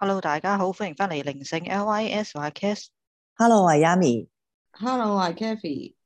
Hello，大家好，歡迎翻嚟靈性 LYS，我係 Kes。Hello，我係 Yami。Hello，我係 Kathy。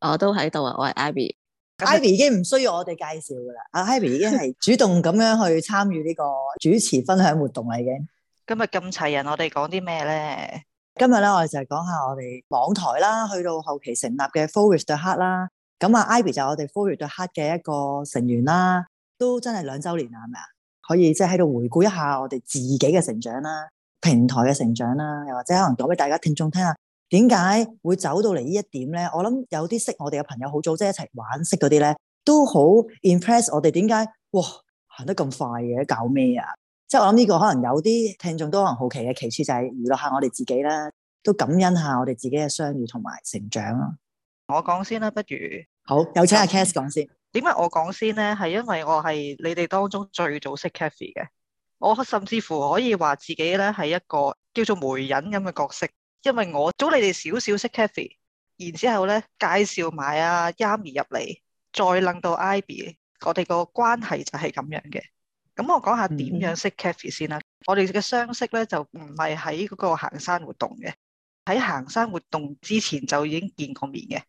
我都喺度啊，我係 Ivy。Ivy 已經唔需要我哋介紹噶啦，阿、 啊、Ivy 已經係主動咁樣去參與呢個主持分享活動嚟嘅。今日咁齊人，我哋講啲咩咧？今日咧，我哋就係講下我哋網台啦，去到後期成立嘅 Flow with the Heart 啦。咁、嗯、啊，Ivy 就係我哋 Flow with the Heart 嘅一個成員啦，都真係兩周年啦，係咪啊？可以即係喺度回顧一下我哋自己嘅成長啦，平台嘅成長啦，又或者可能講俾大家聽眾聽下點解會走到嚟呢一點咧？我諗有啲識我哋嘅朋友好早即係、就是、一齊玩識嗰啲咧，都好 impress 我哋點解哇行得咁快嘅，搞咩啊？即係我諗呢個可能有啲聽眾都可能好奇嘅，其次就係、是、娛樂一下我哋自己啦，都感恩一下我哋自己嘅相遇同埋成長咯。我講先啦，不如好有請阿 Cass 講先。點解我講先咧？係因為我係你哋當中最早識 Cathy 嘅，我甚至乎可以話自己咧係一個叫做媒人咁嘅角色，因為我早你哋少少識 Cathy 然之後咧介紹埋啊 Yami 入嚟，再楞到 Ivy，我哋個關係就係咁樣嘅。咁我講一下點樣識 Cathy 先啦。Mm -hmm. 我哋嘅相識咧就唔係喺嗰個行山活動嘅，喺行山活動之前就已經見過面嘅。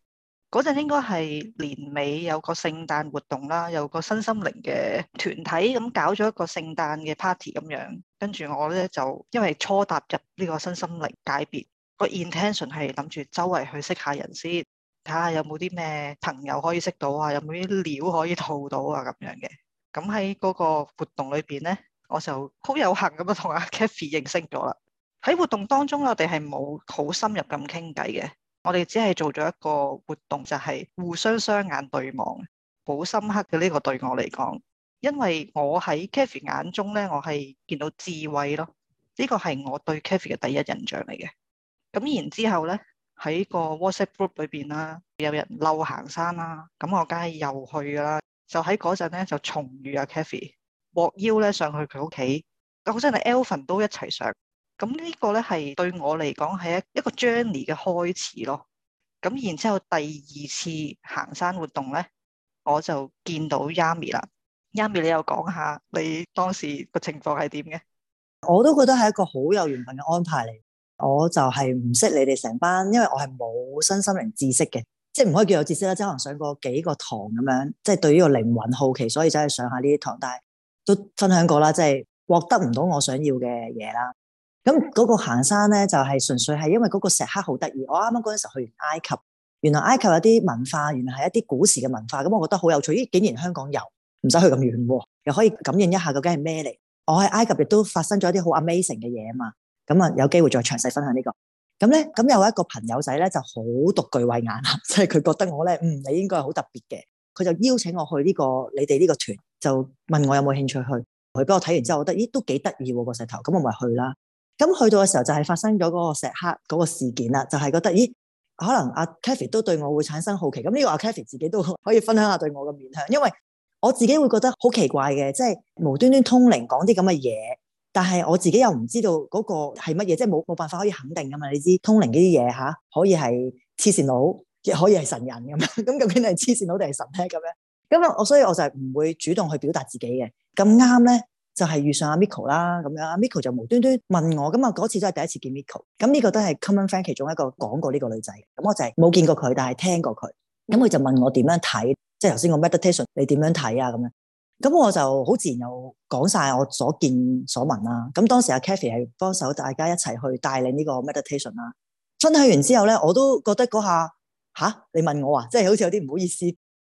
嗰陣應該係年尾有個聖誕活動啦，有個身心靈嘅團體咁搞咗一個聖誕嘅 party 咁樣，跟住我咧就因為初踏入呢個身心靈界別，個 intention 係諗住周圍去識下人先，睇下有冇啲咩朋友可以識到啊，有冇啲料可以套到啊咁樣嘅。咁喺嗰個活動裏邊咧，我就好有幸咁啊同阿 Kathy 認識咗啦。喺活動當中，我哋係冇好深入咁傾偈嘅。我哋只係做咗一個活動，就係、是、互相雙眼對望，好深刻嘅，呢個對我嚟講，因為我喺 Kathy 眼中咧，我係見到智慧咯，呢、這個係我對 Kathy 嘅第一印象嚟嘅。咁然之後咧，喺個 WhatsApp group 裏邊啦，有人漏行山啦，咁我梗係又去噶啦，就喺嗰陣咧就重遇阿 Kathy，獲邀咧上去佢屋企，講真，阿 Elfen 都一齊上。咁呢個咧係對我嚟講係一一個 journey 嘅開始咯。咁然之後第二次行山活動咧，我就見到 Yami 啦。Yami，你又講下你當時個情況係點嘅？我都覺得係一個好有緣分嘅安排嚟。我就係唔識你哋成班，因為我係冇身心靈知識嘅，即係唔可以叫有知識啦，即可能上過幾個堂咁樣，即係對呢個靈魂好奇，所以走去上下呢啲堂，但係都分享過啦，即係獲得唔到我想要嘅嘢啦。咁、那、嗰個行山咧，就係、是、純粹係因為嗰個石刻好得意。我啱啱嗰陣時去完埃及，原來埃及有啲文化，原來係一啲古時嘅文化。咁我覺得好有趣。咦，竟然香港有，唔使去咁遠喎、啊，又可以感應一下究竟係咩嚟？我喺埃及亦都發生咗一啲好 amazing 嘅嘢啊嘛。咁啊，有機會再詳細分享呢、這個。咁咧，咁有一個朋友仔咧就好獨具慧眼，即係佢覺得我咧，嗯，你應該係好特別嘅。佢就邀請我去呢、這個你哋呢個團，就問我有冇興趣去。佢俾我睇完之後，我覺得咦、欸，都幾得意個石頭。咁我咪去啦。咁去到嘅時候就係發生咗嗰個石刻嗰個事件啦，就係、是、覺得咦，可能阿 Kathy 都對我會產生好奇。咁呢個阿 Kathy 自己都可以分享下對我嘅面向，因為我自己會覺得好奇怪嘅，即、就、係、是、無端端通靈講啲咁嘅嘢，但係我自己又唔知道嗰個係乜嘢，即係冇冇辦法可以肯定噶嘛。你知通靈呢啲嘢吓，可以係痴線佬，亦可以係神人咁樣。咁 究竟係痴線佬定係神咧？咁樣咁我所以我就係唔會主動去表達自己嘅。咁啱咧。就係遇上阿 Miko 啦，咁樣阿 Miko 就無端端問我，咁啊嗰次都係第一次見 Miko，咁呢個都係 common friend 其中一個講過呢個女仔，咁我就係冇見過佢，但係聽過佢，咁佢就問我點樣睇，即係頭先個 meditation 你點樣睇啊咁樣，咁我就好自然又講晒我所見所聞啦，咁當時阿 Cathy 係幫手大家一齊去帶領呢個 meditation 啦，分享完之後咧，我都覺得嗰下吓，你問我啊，即係好似有啲唔好意思，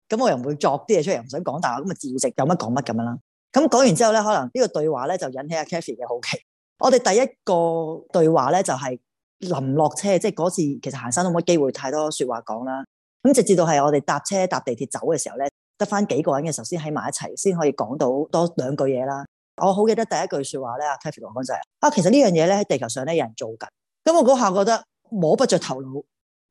咁我又唔會作啲嘢出嚟，唔想講，但係咁啊照食，有乜講乜咁樣啦。咁講完之後咧，可能呢個對話咧就引起阿 Kathy 嘅好奇。我哋第一個對話咧就係臨落車，即係嗰次其實行山都冇機會太多說話講啦。咁直至到係我哋搭車搭地鐵走嘅時候咧，得翻幾個人嘅時候先喺埋一齊，先可以講到多兩句嘢啦。我好記得第一句說話咧，阿 Kathy 同我講講就係、是：，啊，其實呢樣嘢咧喺地球上咧有人做緊。咁我嗰下覺得摸不着頭腦，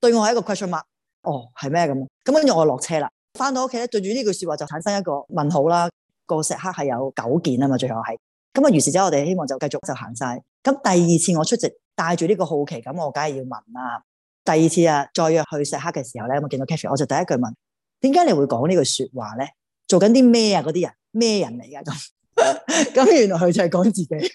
對我係一個 question mark。哦，係咩咁？咁跟住我落車啦，翻到屋企咧，對住呢句說話就產生一個問號啦。個石刻係有九件啊嘛，最後係咁啊。於是之後，我哋希望就繼續就行晒。咁第二次我出席，帶住呢個好奇咁，我梗係要問啦。第二次啊，再約去石刻嘅時候咧，我見到 Cathy，我就第一句問：點解你會講呢句說話咧？做緊啲咩啊？嗰啲人咩人嚟？噶咁，咁，原來佢就係講自己。咁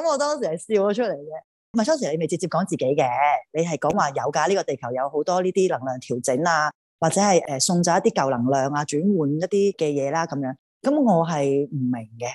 我當時係笑咗出嚟嘅。唔係當時你未直接講自己嘅，你係講話有噶呢個地球有好多呢啲能量調整啊。或者係誒送走一啲舊能量啊，轉換一啲嘅嘢啦，咁樣，咁我係唔明嘅，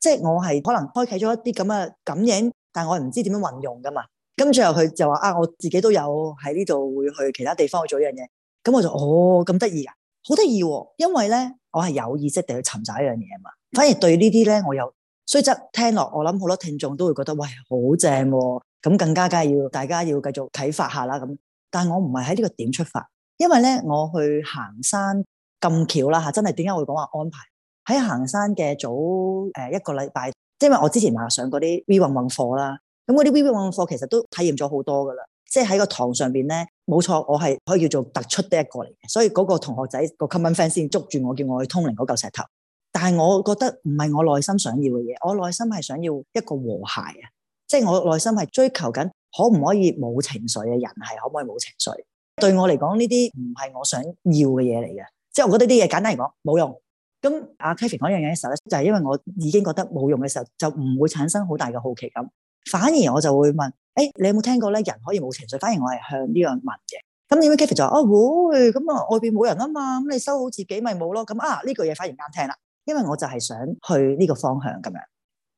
即係我係可能開啟咗一啲咁嘅感應，但我唔知點樣運用噶嘛。咁最後佢就話啊，我自己都有喺呢度會去其他地方去做一樣嘢。咁我就哦，咁得意噶，好得意，因為咧，我係有意識地去尋找一樣嘢啊嘛。反而對呢啲咧，我有，雖則聽落我諗好多聽眾都會覺得喂，好正，咁更加梗係要大家要繼續啟發下啦咁。但係我唔係喺呢個點出發。因為咧，我去行山咁巧啦吓，真係點解會講話安排喺行山嘅早誒一個禮拜？因為我之前話上嗰啲 V 運運課啦，咁嗰啲 V 運運課其實都體驗咗好多噶啦，即係喺個堂上邊咧，冇錯，我係可以叫做突出的一個嚟嘅。所以嗰個同學仔個 common friend 先捉住我叫我去通靈嗰嚿石頭，但係我覺得唔係我內心想要嘅嘢，我內心係想要一個和諧啊，即係我內心係追求緊可唔可以冇情緒嘅人係可唔可以冇情緒？對我嚟講，呢啲唔係我想要嘅嘢嚟嘅，即係我覺得啲嘢簡單嚟講冇用。咁、啊、阿 Kevin 講樣嘢嘅時候咧，就係、是、因為我已經覺得冇用嘅時候，就唔會產生好大嘅好奇感，反而我就會問：，誒，你有冇聽過咧？人可以冇情緒？反而我係向呢樣問嘅。咁點解 Kevin 就話：，哦，咁、哎、啊，外邊冇人啊嘛，咁你收好自己咪冇咯。咁啊，呢句嘢反而啱聽啦，因為我就係想去呢個方向咁樣。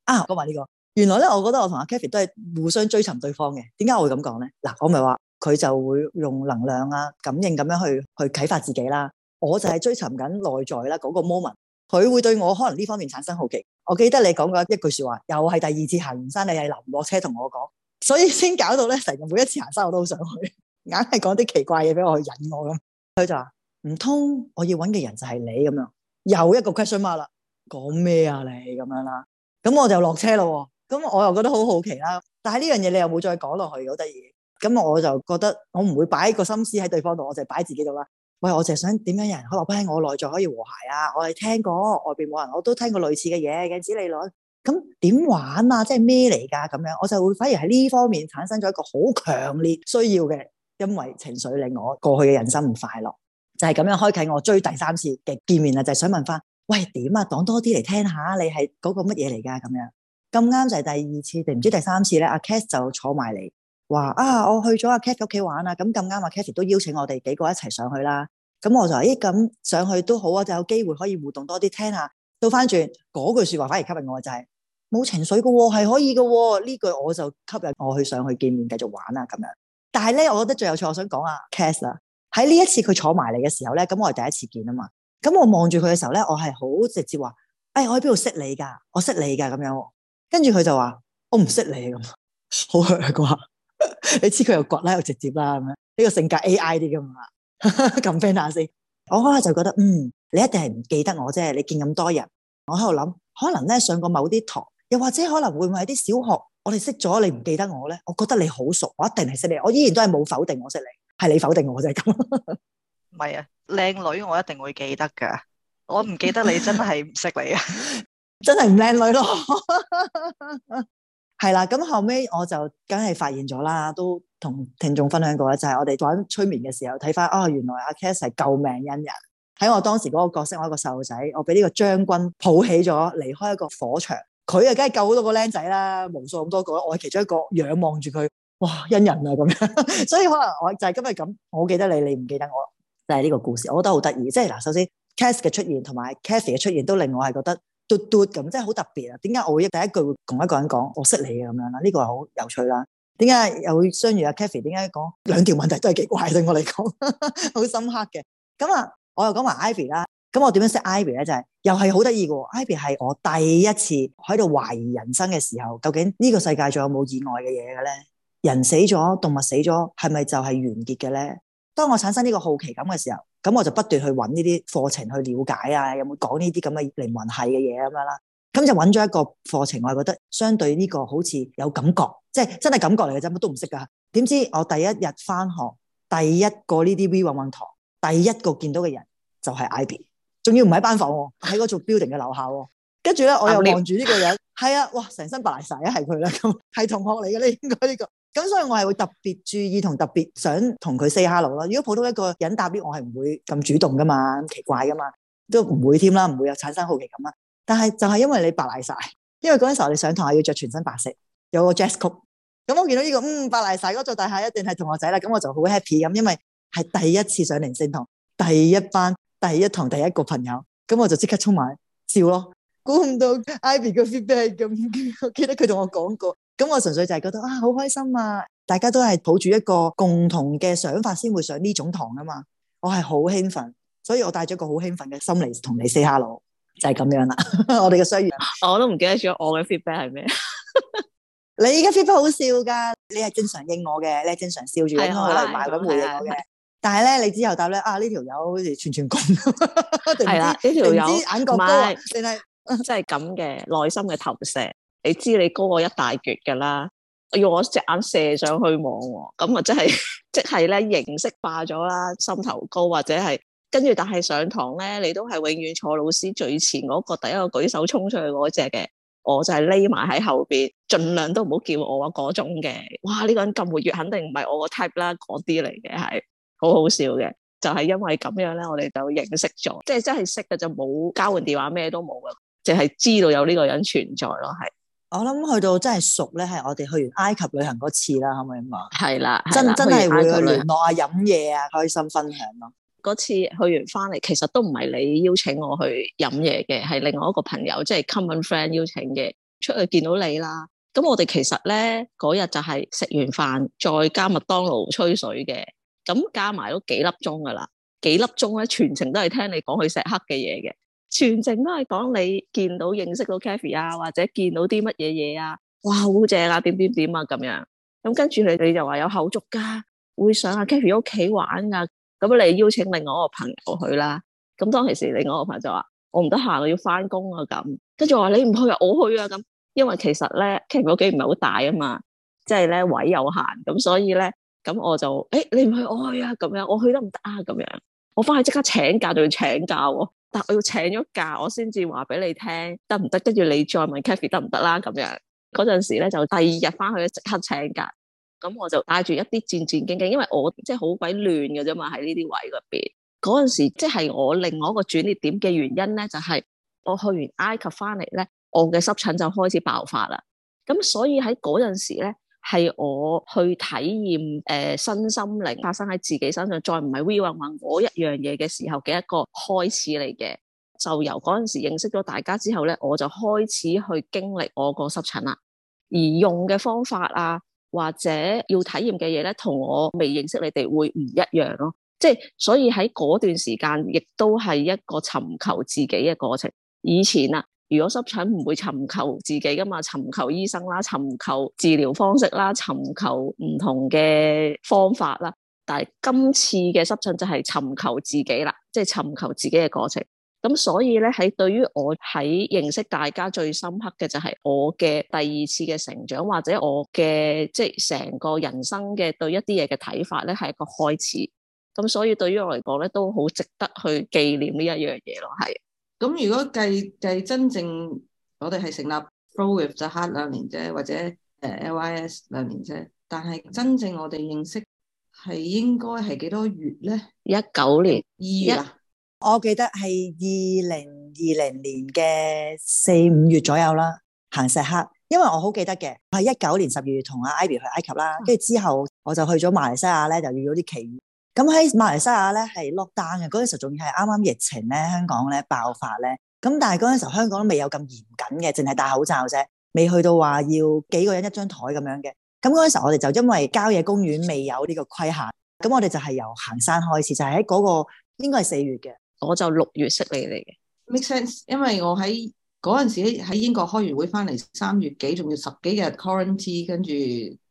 啊，講埋呢個，原來咧，我覺得我同阿 Kevin 都係互相追尋對方嘅。點解我會咁講咧？嗱，我咪話。佢就會用能量啊、感應咁樣去去啟發自己啦。我就係追尋緊內在啦，嗰個 moment。佢會對我可能呢方面產生好奇。我記得你講過一句説話，又係第二次行完山，你係臨落車同我講，所以先搞到咧成日每一次行山我都好想去，硬係講啲奇怪嘢俾我去引我咁。佢就話唔通我要揾嘅人就係你咁樣，又一個 question mark 啦，講咩啊你咁樣啦？咁我就落車喎。咁我又覺得好好奇啦。但係呢樣嘢你又冇再講落去，好得意。咁我就覺得我唔會擺個心思喺對方度，我就擺自己度啦。喂，我就係想點樣有人可以話，畀我內在可以和諧啊！我係聽過外邊冇人，我都聽過類似嘅嘢嘅。只要你攞，咁點玩啊？即係咩嚟㗎？咁樣我就會反而喺呢方面產生咗一個好強烈需要嘅，因為情緒令我過去嘅人生唔快樂，就係、是、咁樣開啟我追第三次嘅見面啦。就係、是、想問翻，喂點啊？講多啲嚟聽下，你係嗰個乜嘢嚟㗎？咁樣咁啱就係第二次定唔知第三次咧？阿、啊、Cass 就坐埋嚟。話啊，我去咗阿 Kathy 屋企玩啊，咁咁啱啊 Kathy 都邀請我哋幾個一齊上去啦。咁我就咦咁、欸、上去都好啊，就有機會可以互動多啲，聽下。到翻轉嗰句說話反而吸引我、就是，就係冇情緒喎、哦，係可以喎、哦。」呢句我就吸引我去上去見面，繼續玩啊咁樣。但係咧，我覺得最有趣我想講啊 Kathy 喺呢一次佢坐埋嚟嘅時候咧，咁我係第一次見啊嘛。咁我望住佢嘅時候咧，我係好直接話，哎我喺邊度識你噶，我識你噶咁樣。跟住佢就話，我唔識你咁，好你知佢又掘啦，又直接啦，咁樣呢個性格 AI 啲噶嘛？咁 friend 下先，我開就覺得嗯，你一定係唔記得我啫。你見咁多人，我喺度諗，可能咧上過某啲堂，又或者可能會唔會係啲小學，我哋識咗你唔記得我咧？我覺得你好熟，我一定係識你，我依然都係冇否定我識你，係你否定我就係咁。唔係啊，靚女我一定會記得噶，我唔記得你真係唔識你啊，真係唔靚女咯。係啦，咁後尾我就梗係發現咗啦，都同聽眾分享過啦，就係、是、我哋做緊催眠嘅時候睇翻，哦，原來阿 Cass 係救命恩人，喺我當時嗰個角色，我一個細路仔，我俾呢個將軍抱起咗離開一個火場，佢啊梗係救好多個僆仔啦，無數咁多個，我係其中一個仰望住佢，哇，恩人啊咁樣，所以可能我就係今日咁，我記得你，你唔記得我，就係呢個故事，我覺得好得意，即係嗱，首先 Cass 嘅出現同埋 Cassie 嘅出現都令我係覺得。嘟嘟咁，真係好特別啊！點解我會第一句會同一個人講我識你嘅咁樣啦？呢個係好有趣啦！點解又會相遇啊？Kathy 點解講兩條問題都係幾怪對我嚟講，好 深刻嘅。咁啊，我又講埋 Ivy 啦。咁我點樣識 Ivy 咧？就係又係好得意嘅喎。Ivy 係我第一次喺度懷疑人生嘅時候，究竟呢個世界仲有冇意外嘅嘢嘅咧？人死咗，動物死咗，係咪就係完結嘅咧？當我產生呢個好奇感嘅時候。咁我就不斷去揾呢啲課程去了解啊，有冇講呢啲咁嘅靈魂系嘅嘢咁樣啦？咁就揾咗一個課程，我係覺得相對呢個好似有感覺，即係真係感覺嚟嘅啫，乜都唔識噶。點知我第一日翻學，第一個呢啲 We 揾堂，第一個見到嘅人就係 IB，仲要唔喺班房喎，喺嗰座 building 嘅樓下喎。跟住咧，我又望住呢個人，係啊，哇，成身白晒，一係佢啦，咁係同學嚟嘅，呢，應該呢個。咁所以，我係會特別注意同特別想同佢 say hello 咯。如果普通一個人搭呢，我係唔會咁主動噶嘛，咁奇怪噶嘛，都唔會添啦，唔會有產生好奇感啦。但係就係因為你白賴晒，因為嗰陣時候你上堂係要着全身白色，有個 dress code，這個。咁我見到呢個嗯白賴晒嗰座大廈一定係同學仔啦，咁我就好 happy 咁，因為係第一次上靈性堂，第一班第一堂第一個朋友，咁我就即刻衝埋笑咯。估唔到 Ivy 個 feedback 咁，我記得佢同我講過。咁我純粹就係覺得啊好開心啊！大家都係抱住一個共同嘅想法先會上呢種堂噶嘛，我係好興奮，所以我帶咗個好興奮嘅心嚟同你 say hello，就係咁樣啦。 我哋嘅相遇，我都唔記得咗我嘅 feedback 係咩？你嘅 feedback 好笑噶，你係正常應我嘅，你係正常笑住咁嚟埋搵回嚟嘅。但係咧、哎，你之後答咧啊呢條友好似串串貢，定係呢條友眼角高，定係 真係咁嘅內心嘅投射。你知你高我一大橛噶啦，用我隻眼射上去望喎，咁啊即係即係咧形式化咗啦，心頭高或者係跟住，但係上堂咧，你都係永遠坐老師最前嗰個，第一個舉手衝出去嗰隻嘅，我就係匿埋喺後邊，儘量都唔好叫我啊嗰種嘅。哇，呢個人咁活躍，肯定唔係我個 type 啦，嗰啲嚟嘅係好好笑嘅，就係因為咁樣咧，我哋就認識咗，即係真係識嘅就冇交換電話，咩都冇嘅，淨係知道有呢個人存在咯，係。我諗去到真係熟咧，係我哋去完埃及旅行嗰次啦，可唔可以嘛？係啦，真真係會去聯絡啊，飲嘢啊，開心分享咯。嗰次去完翻嚟，其實都唔係你邀請我去飲嘢嘅，係另外一個朋友即係、就是、common friend 邀請嘅，出去見到你啦。咁我哋其實咧嗰日就係食完飯再加麥當勞吹水嘅，咁加埋都幾粒鐘噶啦，幾粒鐘咧全程都係聽你講去石刻嘅嘢嘅。全程都係講你見到、認識到 Kathy 啊，或者見到啲乜嘢嘢啊，哇好正啊，點點點啊咁樣。咁跟住你你就話有後續噶，會上阿 Kathy 屋企玩噶。咁你邀請另外一個朋友去啦。咁當其時另外一個朋友就話：我唔得閒，我要翻工啊。咁跟住話你唔去啊，我去啊。咁因為其實咧，Kathy 屋企唔係好大啊嘛，即係咧位有限，咁所以咧，咁我就誒、欸、你唔去，我去啊。咁樣我去得唔得啊？咁樣我翻去即刻請假就要請假、啊。但我要請咗假，我先至話俾你聽得唔得，跟住你再問 Cathy 得唔得啦咁樣。嗰陣時咧就第二日翻去即刻請假，咁我就帶住一啲戰戰兢兢，因為我即係好鬼亂㗎啫嘛，喺呢啲位嗰邊。嗰陣時即係、就是、我另外一個轉捩點嘅原因咧，就係、是、我去完埃及翻嚟咧，我嘅濕疹就開始爆發啦。咁所以喺嗰陣時咧。係我去體驗誒、呃、身心靈發生喺自己身上，再唔係 we 運一樣嘢嘅時候嘅一個開始嚟嘅。就由嗰陣時認識咗大家之後咧，我就開始去經歷我個濕疹啦。而用嘅方法啊，或者要體驗嘅嘢咧，同我未認識你哋會唔一樣咯。即係所以喺嗰段時間，亦都係一個尋求自己嘅過程。以前啊。如果濕疹唔會尋求自己噶嘛，尋求醫生啦，尋求治療方式啦，尋求唔同嘅方法啦。但係今次嘅濕疹就係尋求自己啦，即係尋求自己嘅過程。咁所以咧，喺對於我喺認識大家最深刻嘅就係我嘅第二次嘅成長，或者我嘅即係成個人生嘅對一啲嘢嘅睇法咧，係一個開始。咁所以對於我嚟講咧，都好值得去紀念呢一樣嘢咯，係。咁如果計計真正我哋係成立 f o l o w with 就黑兩年啫，或者誒 Lys 兩年啫。但係真正我哋認識係應該係幾多月咧？一九年二月啊，yeah. 我記得係二零二零年嘅四五月左右啦，行石黑。因為我好記得嘅，我一九年十二月同阿 Ivy 去埃及啦，跟住之後我就去咗馬來西亞咧，就遇到啲奇遇。咁喺馬來西亞咧係落 o 嘅，嗰陣時仲要係啱啱疫情咧，香港咧爆發咧。咁但係嗰陣時候香港都未有咁嚴緊嘅，淨係戴口罩啫，未去到話要幾個人一張台咁樣嘅。咁嗰陣時候我哋就因為郊野公園未有呢個規限，咁我哋就係由行山開始，就喺、是、嗰、那個應該係四月嘅，我就六月識你嚟嘅。Make sense？因為我喺嗰陣時喺英國開完會翻嚟，三月幾仲要十幾日 quarantine，跟住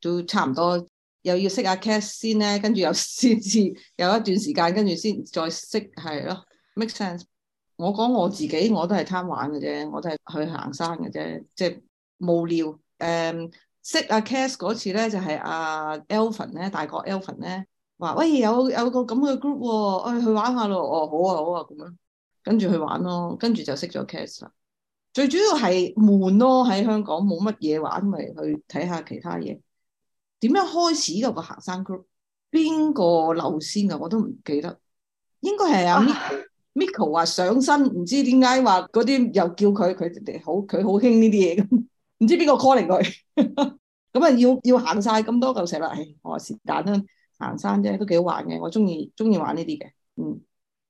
都差唔多。又要識下、啊、cast 先咧，跟住又先至有一段時間，跟住先再識係咯，make sense。我講我自己，我都係貪玩嘅啫，我都係去行山嘅啫，即係無聊。誒、um，識阿 cast 嗰次咧，就係阿 e l f e n 咧，大個 e l f e n 咧，話喂有有個咁嘅 group，誒去玩下咯，哦好啊好啊咁樣啊，跟住去玩咯，跟住就識咗 cast 啦。最主要係悶咯，喺香港冇乜嘢玩，咪去睇下其他嘢。點樣開始有個行山 group？邊個留先嘅，我都唔記得，應該係阿 Miko 話上身，唔知點解話嗰啲又叫佢佢好佢好興呢啲嘢咁，唔 知邊個 calling 佢，咁 啊要要行晒咁多嚿石啦，哎，我話是但啦，行山啫，都幾好玩嘅，我中意中意玩呢啲嘅，嗯，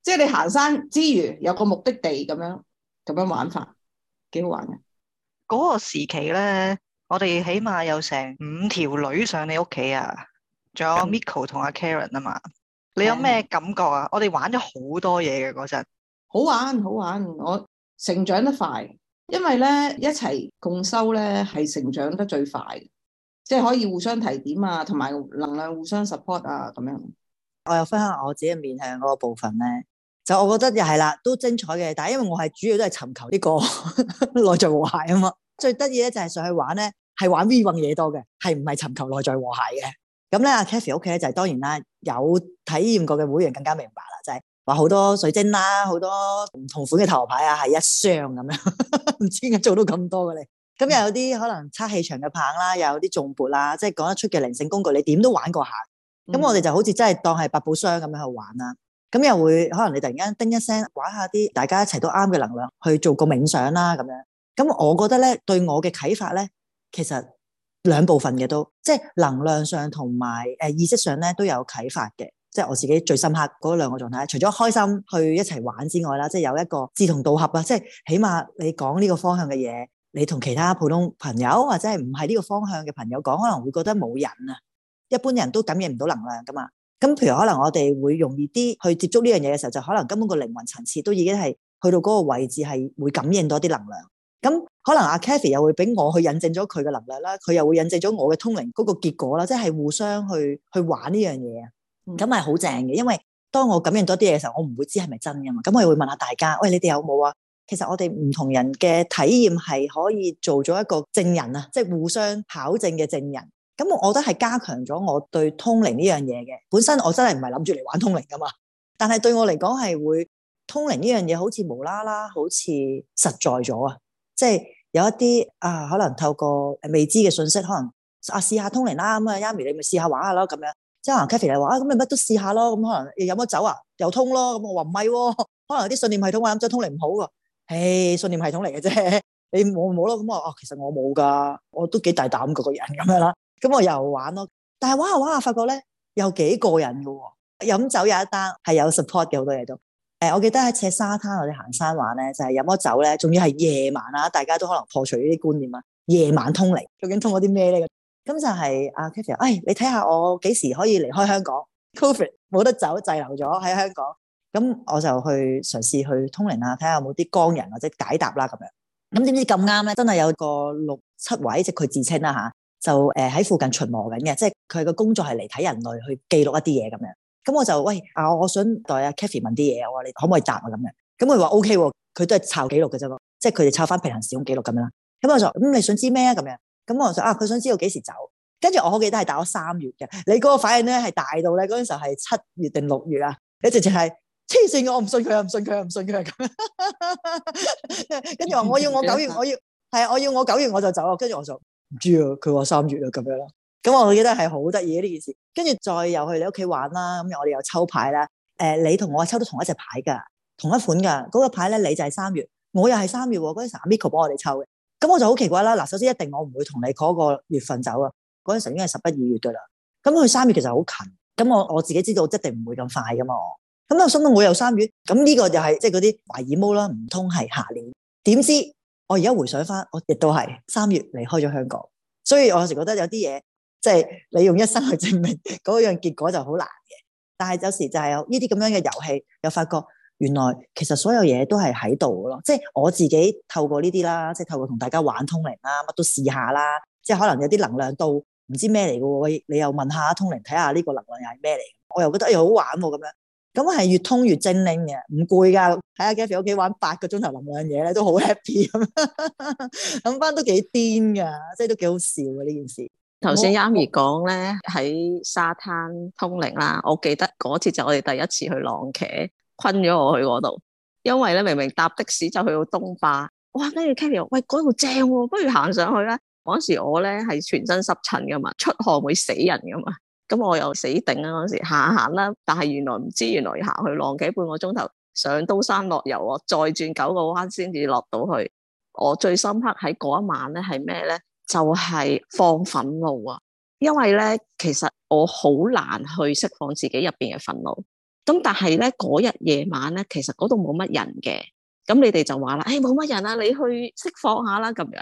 即係你行山之餘有個目的地咁樣咁樣玩法，幾好玩嘅。嗰、那個時期咧。我哋起碼有成五條女上你屋企啊，仲有 Miko 同阿 Karen 啊嘛，你有咩感覺啊？我哋玩咗好多嘢嘅嗰陣，好玩好玩，我成長得快，因為咧一齊共修咧係成長得最快即係、就是、可以互相提點啊，同埋能量互相 support 啊，咁樣。我又分享我自己嘅面向嗰個部分咧，就我覺得又係啦，都精彩嘅，但係因為我係主要都係尋求呢個內 在和諧啊嘛。最得意咧就係上去玩咧，係玩 V 運嘢多嘅，係唔係尋求內在和諧嘅。咁咧阿 Kathy 屋企咧就係、是、當然啦，有體驗過嘅會員更加明白啦，就係話好多水晶啦、啊，好多唔同款嘅頭牌啊，係一箱咁樣，唔知點解做到咁多嘅你。咁又有啲可能測氣場嘅棒啦、啊，又有啲重撥啦，即係講得出嘅靈性工具，你點都玩過下。咁、嗯、我哋就好似真係當係百寶箱咁樣去玩啦、啊。咁又會可能你突然間叮一聲，玩下啲大家一齊都啱嘅能量，去做個冥想啦、啊、咁樣。咁我覺得咧，對我嘅啟發咧，其實兩部分嘅都，即係能量上同埋誒意識上咧都有啟發嘅。即係我自己最深刻嗰兩個狀態，除咗開心去一齊玩之外啦，即係有一個志同道合啊！即係起碼你講呢個方向嘅嘢，你同其他普通朋友或者係唔係呢個方向嘅朋友講，可能會覺得冇人啊。一般人都感應唔到能量噶嘛。咁譬如可能我哋會容易啲去接觸呢樣嘢嘅時候，就可能根本個靈魂層次都已經係去到嗰個位置，係會感應到一啲能量。咁可能阿 Kathy 又會俾我去引證咗佢嘅能力啦，佢又會引證咗我嘅通靈嗰個結果啦，即係互相去去玩呢樣嘢啊。咁係好正嘅，因為當我感應多啲嘢嘅時候，我唔會知係咪真噶嘛。咁我會問下大家，喂，你哋有冇啊？其實我哋唔同人嘅體驗係可以做咗一個證人啊，即係互相考證嘅證人。咁我我都係加強咗我對通靈呢樣嘢嘅。本身我真係唔係諗住嚟玩通靈噶嘛，但係對我嚟講係會通靈呢樣嘢好似無啦啦，好似實在咗啊！即係有一啲啊，可能透過未知嘅信息，可能啊試下通靈啦、啊，咁啊 Yami 你咪試下玩下，啊啊、試下咯，咁樣即係可能 Cathy 嚟話咁你乜都試下咯，咁可能飲咗酒啊又通咯，咁、嗯、我話唔係喎，可能有啲信念系統話飲酒通靈唔好喎、啊，誒信念系統嚟嘅啫，你冇咪冇咯，咁、嗯、我哦、啊，其實我冇噶，我都幾大膽嗰個人咁樣啦，咁、嗯嗯、我又玩咯，但係玩下玩下發覺咧又幾過癮嘅喎，飲酒有一單係有 support 嘅好多嘢都。誒、欸，我記得喺赤沙灘或者行山玩咧，就係飲咗酒咧，仲要係夜晚啦，大家都可能破除呢啲觀念啦。夜晚通靈，究竟通咗啲咩咧？咁就係阿 Kathy，哎，你睇下我幾時可以離開香港？Covid 冇得走，滯留咗喺香港。咁我就去嘗試去通靈啦，睇下有冇啲光人或者解答啦咁樣。咁點知咁啱咧？真係有個六七位，即係佢自稱啦吓，就誒喺附近巡邏緊嘅，即係佢嘅工作係嚟睇人類去記錄一啲嘢咁樣。咁我就喂，啊，我想代阿 Kathy 問啲嘢，我話，你可唔可以答我咁樣？咁佢話 O K，佢都係抄記錄嘅啫，即係佢哋抄翻平行時空記錄咁樣啦。咁我就咁你想知咩啊？咁樣咁我想啊，佢想知道幾時走？跟住我好記得係打咗三月嘅。你嗰個反應咧係大到咧，嗰陣時候係七月定六月啊？你直情係黐線，我唔信佢啊，唔信佢啊，唔信佢咁。跟住話我要我九月，我要係 我要我九月我就走。跟住我就唔知啊，佢話三月啊咁樣咁我記得係好得意嘅呢件事，跟住再又去你屋企玩啦，咁我哋又抽牌啦。誒、呃，你同我抽到同一隻牌噶，同一款噶。嗰、那個牌咧，你就係三月，我又係三月啊。嗰陣時阿 Miko 幫我哋抽嘅，咁我就好奇怪啦。嗱，首先一定我唔會同你嗰個月份走啊。嗰陣時已經係十一、二月噶啦。咁佢三月其實好近。咁我我自己知道，我一定唔會咁快噶嘛。咁啊，心諗我又三月，咁呢個就係即係嗰啲懷疑毛啦，唔通係下年？點知我而家回想翻，我亦都係三月離開咗香港。所以我有時覺得有啲嘢。即、係你用一生去證明嗰樣結果就好難嘅，但係有時就係有呢啲咁樣嘅遊戲，又發覺原來其實所有嘢都係喺度咯。即、係我自己透過呢啲啦，即、係透過同大家玩通靈啦，乜都試下啦。即、係，可能有啲能量到唔知咩嚟嘅喎，你又問下通靈睇下呢個能量又係咩嚟嘅。我又覺得又好玩喎咁樣，咁係越通越精靈嘅，唔攰噶。睇下 Geffy 屋企玩八個鐘頭咁樣嘢咧，都好 happy 咁，諗 翻都幾癲噶，即係都幾好笑嘅呢件事。頭先 Amy 講咧，喺沙灘通靈啦，我記得嗰次就我哋第一次去浪茄，困咗我去嗰度，因為咧，明明搭的士就去到東壩，哇，跟住 Kelly 話，喂，嗰度正喎，不如行上去啦。嗰時我咧係全身濕疹噶嘛，出汗會死人噶嘛，咁我又死頂啊嗰時，行行啦，但係原來唔知原來行去浪茄半個鐘頭，上刀山落油鑊，再轉九個彎先至落到去。我最深刻喺嗰一晚咧係咩咧？就係放憤怒啊，因為咧，其實我好難去釋放自己入邊嘅憤怒。咁但係咧，嗰日夜晚咧，其實嗰度冇乜人嘅。咁你哋就話啦，誒，冇乜人啊，你去釋放下啦，咁樣。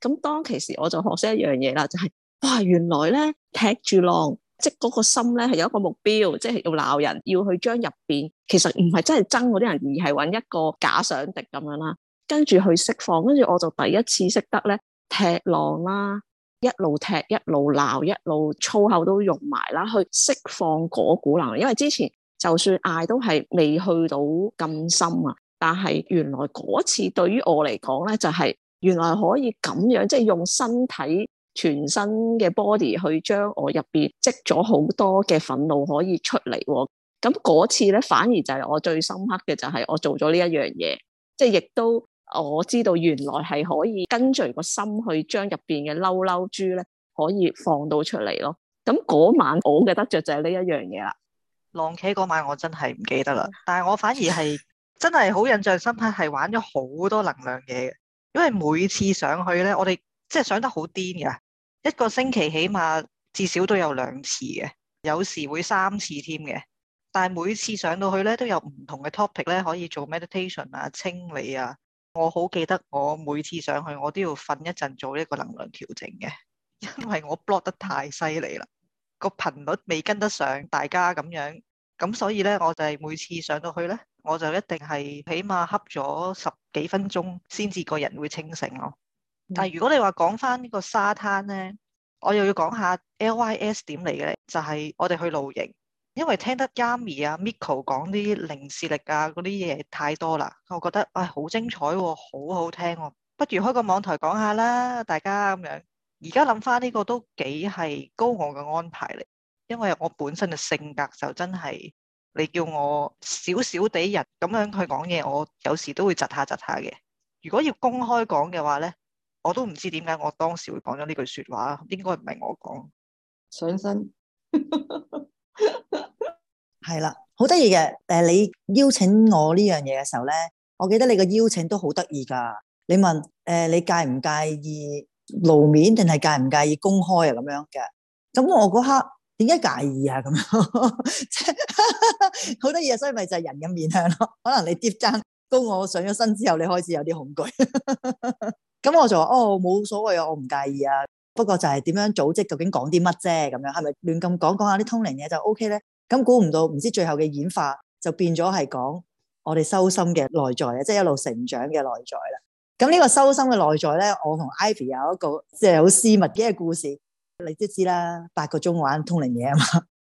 咁當其時，我就學識一樣嘢啦，就係，哇，原來咧，踢住浪，即係嗰個心咧，係有一個目標，即係要鬧人，要去將入邊，其實唔係真係憎嗰啲人，而係搵一個假想敵咁樣啦。跟住去釋放，跟住我就第一次識得咧。踢浪啦，一路踢，一路鬧，一路粗口都用埋啦，去釋放嗰股能量。因為之前就算嗌都係未去到咁深啊，但係原來嗰次對於我嚟講咧，就係原來可以咁樣，即係用身體全身嘅 body 去將我入邊積咗好多嘅憤怒可以出嚟。咁嗰次咧，反而就係我最深刻嘅，就係我做咗呢一樣嘢，即係亦都。我知道原來係可以跟隨個心去將入邊嘅嬲嬲豬咧，可以放到出嚟咯。咁嗰晚我嘅得着就係呢一樣嘢啦。浪企嗰晚我真係唔記得啦， 但係我反而係真係好印象深刻，係玩咗好多能量嘢嘅。因為每次上去咧，我哋即係上得好癲㗎，一個星期起碼至少都有兩次嘅，有時會三次添嘅。但係每次上到去咧，都有唔同嘅 topic 咧，可以做 meditation 啊、清理啊。我好記得，我每次上去，我都要瞓一陣做呢個能量調整嘅，因為我 block 得太犀利啦，個頻率未跟得上大家咁樣，咁所以咧，我就係每次上到去咧，我就一定係起碼恰咗十幾分鐘先至個人會清醒咯、嗯。但係如果你話講翻呢個沙灘咧，我又要講下 LYS 點嚟嘅，就係、是、我哋去露營。因為聽得 Yami 啊，Miko 講啲靈性啊嗰啲嘢太多啦，我覺得唉好，哎，精彩喎，好好聽喎，不如開個網台講下啦，大家咁樣。而家諗翻呢個都幾係高我嘅安排嚟，因為我本身嘅性格就真係，你叫我少少地人咁樣去講嘢，我有時都會窒下窒下嘅。如果要公開講嘅話咧，我都唔知點解我當時會講咗呢句說話，應該唔係我講上身。 係 啦，好得意嘅。誒，你邀請我呢樣嘢嘅時候咧，我記得你個邀請都好得意噶。你問誒、呃，你介唔介意露面定係介唔介意公開啊？咁樣嘅。咁我嗰刻點解介意啊？咁樣，即係好得意啊，所以咪就係人嘅面向咯。可能你跌爭高，我上咗身之後，你開始有啲恐懼。咁 我就話哦，冇所謂啊，我唔介意啊。不過就係點樣組織，究竟講啲乜啫？咁樣係咪亂咁講講下啲通靈嘢就 O K 咧？咁估唔到，唔知最後嘅演化就變咗係講我哋修心嘅內在啊，即係一路成長嘅內在啦。咁呢個修心嘅內在咧，我同 Ivy 有一個即係好私密嘅故事，你都知啦。八個鐘玩通靈嘢啊嘛。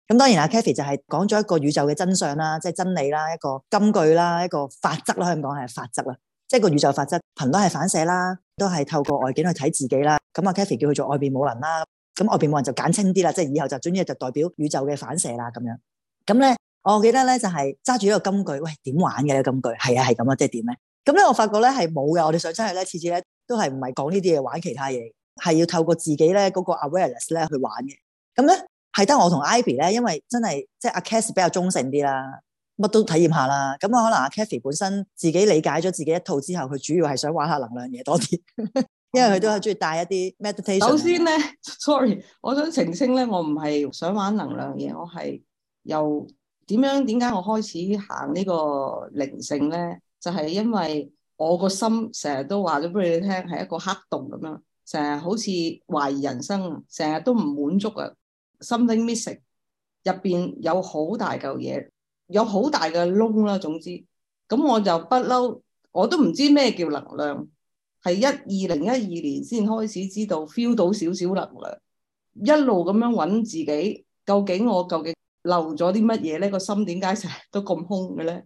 咁當然啊，Kathy 就係講咗一個宇宙嘅真相啦，即係真理啦，一個金句啦，一個法則啦，香港係法則啦，即係個宇宙法則，頻率係反射啦。都係透過外景去睇自己啦，咁阿 Kathy 叫佢做外邊冇人啦，咁外邊冇人就簡稱啲啦，即係以後就總之就代表宇宙嘅反射啦咁樣，咁咧，我記得咧就係揸住一個金句，喂點玩嘅呢、這個、金句，係啊係咁啊，即係點咧？咁咧我發覺咧係冇嘅，我哋上出去咧次次咧都係唔係講呢啲嘢，玩其他嘢，係要透過自己咧嗰、那個 awareness 咧去玩嘅，咁咧係得我同 Ivy 咧，因為真係即係阿 Kathy 比較忠誠啲啦。乜都體驗下啦，咁啊可能阿 Kathy 本身自己理解咗自己一套之後，佢主要係想玩下能量嘢多啲，因為佢都係中意帶一啲 meditation。 首先咧呢 ，sorry，我想澄清咧，我唔係想玩能量嘢，我係由點樣點解我開始行呢個靈性咧？就係因為我個心成日都話咗俾你聽，係一個黑洞咁樣，成日好似懷疑人生，成日都唔滿足啊，something missing，入邊有好大嚿嘢。有好大嘅窿啦，總之咁我就不嬲，我都唔知咩叫能量，係一二零一二年先開始知道 feel 到少少能量，一路咁樣揾自己，究竟我究竟漏咗啲乜嘢咧？個心點解成日都咁空嘅咧？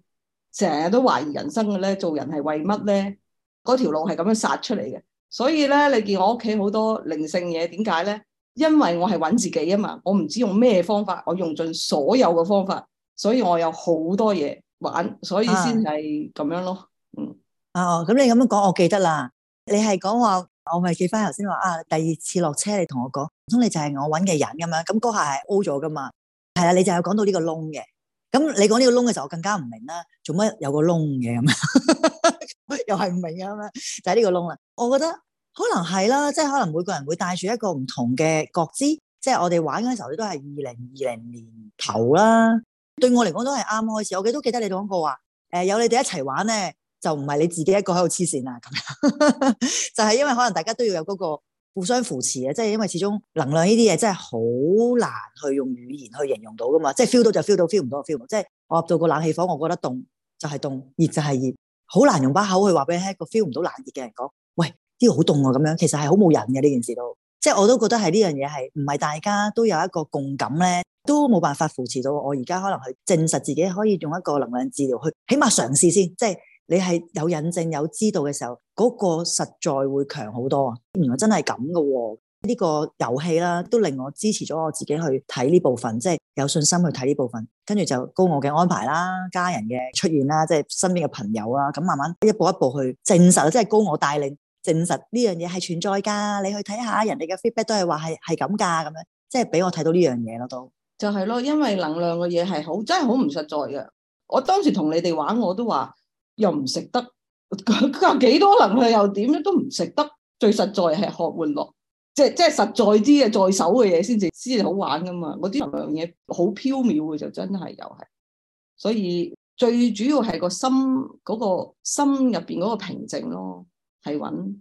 成日都懷疑人生嘅咧，做人係為乜咧？嗰條路係咁樣殺出嚟嘅，所以咧你見我屋企好多靈性嘢，點解咧？因為我係揾自己啊嘛，我唔知用咩方法，我用盡所有嘅方法。所以我有好多嘢玩，所以先係咁樣咯、啊。嗯，啊、哦，咁你咁樣講，我記得啦。你係講話，我咪記翻頭先話啊，第二次落車你跟，你同我講，唔通你就係我揾嘅人咁樣？咁嗰下係 o 咗噶嘛？係啊，你就係講到呢個窿嘅。咁你講呢個窿嘅時候，我更加唔明啦。做乜有個窿嘅咁樣？ 又係唔明啊？咁樣就係、是、呢個窿啦。我覺得可能係啦，即、就、係、是、可能每個人會帶住一個唔同嘅角色。即、就、係、是、我哋玩嗰陣時候，都係二零二零年頭啦。對我嚟講都係啱開始，我記都記得你講過話，誒、呃、有你哋一齊玩咧，就唔係你自己一個喺度黐線啦。咁樣 就係因為可能大家都要有嗰個互相扶持啊，即、就、係、是、因為始終能量呢啲嘢真係好難去用語言去形容到噶嘛，即係 feel 到就 feel 到，feel 唔到就 feel 唔到。即係、就是、我入到個冷氣房，我覺得凍就係凍，熱就係熱，好難用把口去話俾一個 feel 唔到冷熱嘅人講，喂，呢啲好凍啊，咁樣，其實係好冇癮嘅呢件事都。即係我都覺得係呢樣嘢係唔係大家都有一個共感咧，都冇辦法扶持到我而家可能去證實自己可以用一個能量治療去，起碼嘗試先。即係你係有引證有知道嘅時候，嗰個實在會強好多啊！原來真係咁噶喎，呢個遊戲啦都令我支持咗我自己去睇呢部分，即係有信心去睇呢部分，跟住就高我嘅安排啦，家人嘅出現啦，即係身邊嘅朋友啊，咁慢慢一步一步去證實，即係高我帶領。證實呢樣嘢係存在噶你去睇下人哋嘅 feedback 都係話係係咁噶咁樣即係俾我睇到呢樣嘢咯。都就係咯，因為能量嘅嘢係好真係好唔實在嘅。我當時同你哋玩，我都話又唔食得，佢幾多能量又點樣都唔食得。最實在係學玩樂，即係即係實在啲嘅在手嘅嘢先至先至好玩噶嘛。嗰啲能量嘢好飄渺嘅就真係又係，所以最主要係個心，嗰個心入邊嗰個平靜咯。係揾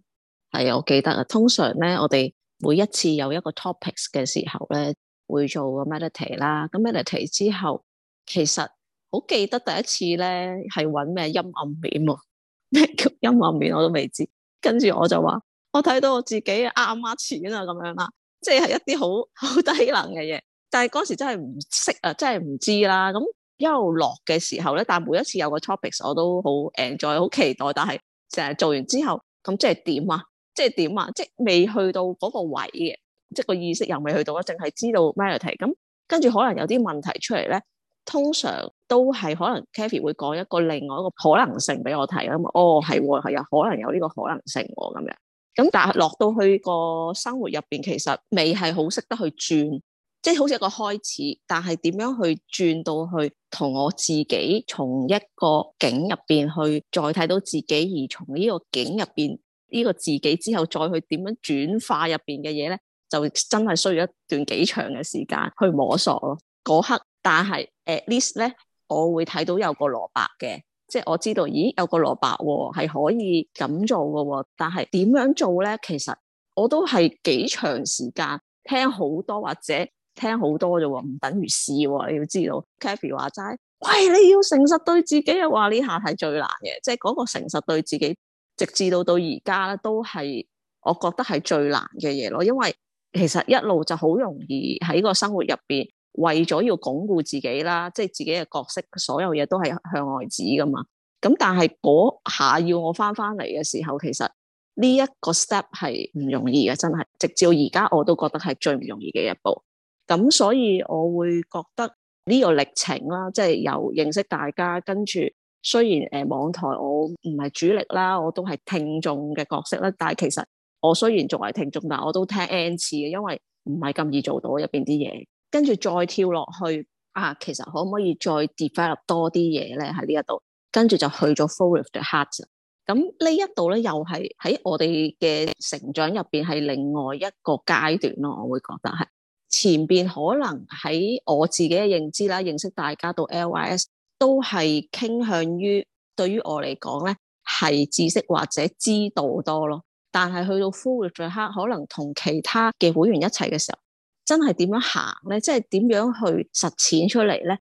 係啊！我記得啊，通常咧，我哋每一次有一個 topics 嘅時候咧，會做個 meditate 啦。咁 meditate 之後，其實好記得第一次咧係揾咩陰暗面喎、啊？咩叫陰暗面我都未知。跟住我就話，我睇到我自己啱啱錢啊，咁、啊啊、樣、就是、啦，即係一啲好好低能嘅嘢。但係嗰時真係唔識啊，真係唔知啦。咁一路落嘅時候咧，但係每一次有個 topics，我都好誒，再好期待，但係成日做完之後。咁即係點啊？即係點啊？即係未去到嗰個位嘅，即係個意識又未去到，淨係知道 Melody，咁跟住可能有啲問題出嚟咧，通常都係可能 Kathy 會講一個另外一個可能性俾我睇啊。嘛哦係，係啊可能有呢個可能性咁樣。咁但係落到去個生活入邊，其實未係好識得去轉。即係好似一個開始，但係點樣去轉到去同我自己從一個景入面去再睇到自己，而從呢個景入面，呢個自己之後，再去點樣轉化入面嘅嘢咧，就真係需要一段幾長嘅時間去摸索咯。嗰刻，但係 at least 咧，我會睇到有個蘿蔔嘅，即係我知道，咦有個蘿蔔喎、哦，係可以咁做嘅喎、哦。但係點樣做咧？其實我都係幾長時間聽好多或者。聽好多啫，唔等於試。你要知道，Kathy 話齋，喂，你要誠實對自己嘅話，呢下係最難嘅，即係嗰個誠實對自己，直至到到而家咧，都係我覺得係最難嘅嘢咯。因為其實一路就好容易喺個生活入邊，為咗要鞏固自己啦，即係自己嘅角色，所有嘢都係向外指噶嘛。咁但係嗰下要我翻翻嚟嘅時候，其實呢一個 step 係唔容易嘅，真係，直至到而家我都覺得係最唔容易嘅一步。咁所以我會覺得呢個歷程啦，即係有認識大家。跟住雖然誒網台我唔係主力啦，我都係聽眾嘅角色啦。但係其實我雖然作為聽眾，但係我都聽 n 次嘅，因為唔係咁易做到入邊啲嘢。跟住再跳落去啊，其實可唔可以再 develop 多啲嘢咧？喺呢一度，跟住就去咗 Flow With The Heart。咁呢一度咧，又係喺我哋嘅成長入邊係另外一個階段咯。我會覺得係。前面可能喺我自己嘅認知啦，認識大家到 LYS 都係傾向於，對於我嚟講咧係知識或者知道多咯。但係去到 Flow With The Heart 可能同其他嘅會員一齊嘅時候，真係點樣行咧？即係點樣去實踐出嚟咧？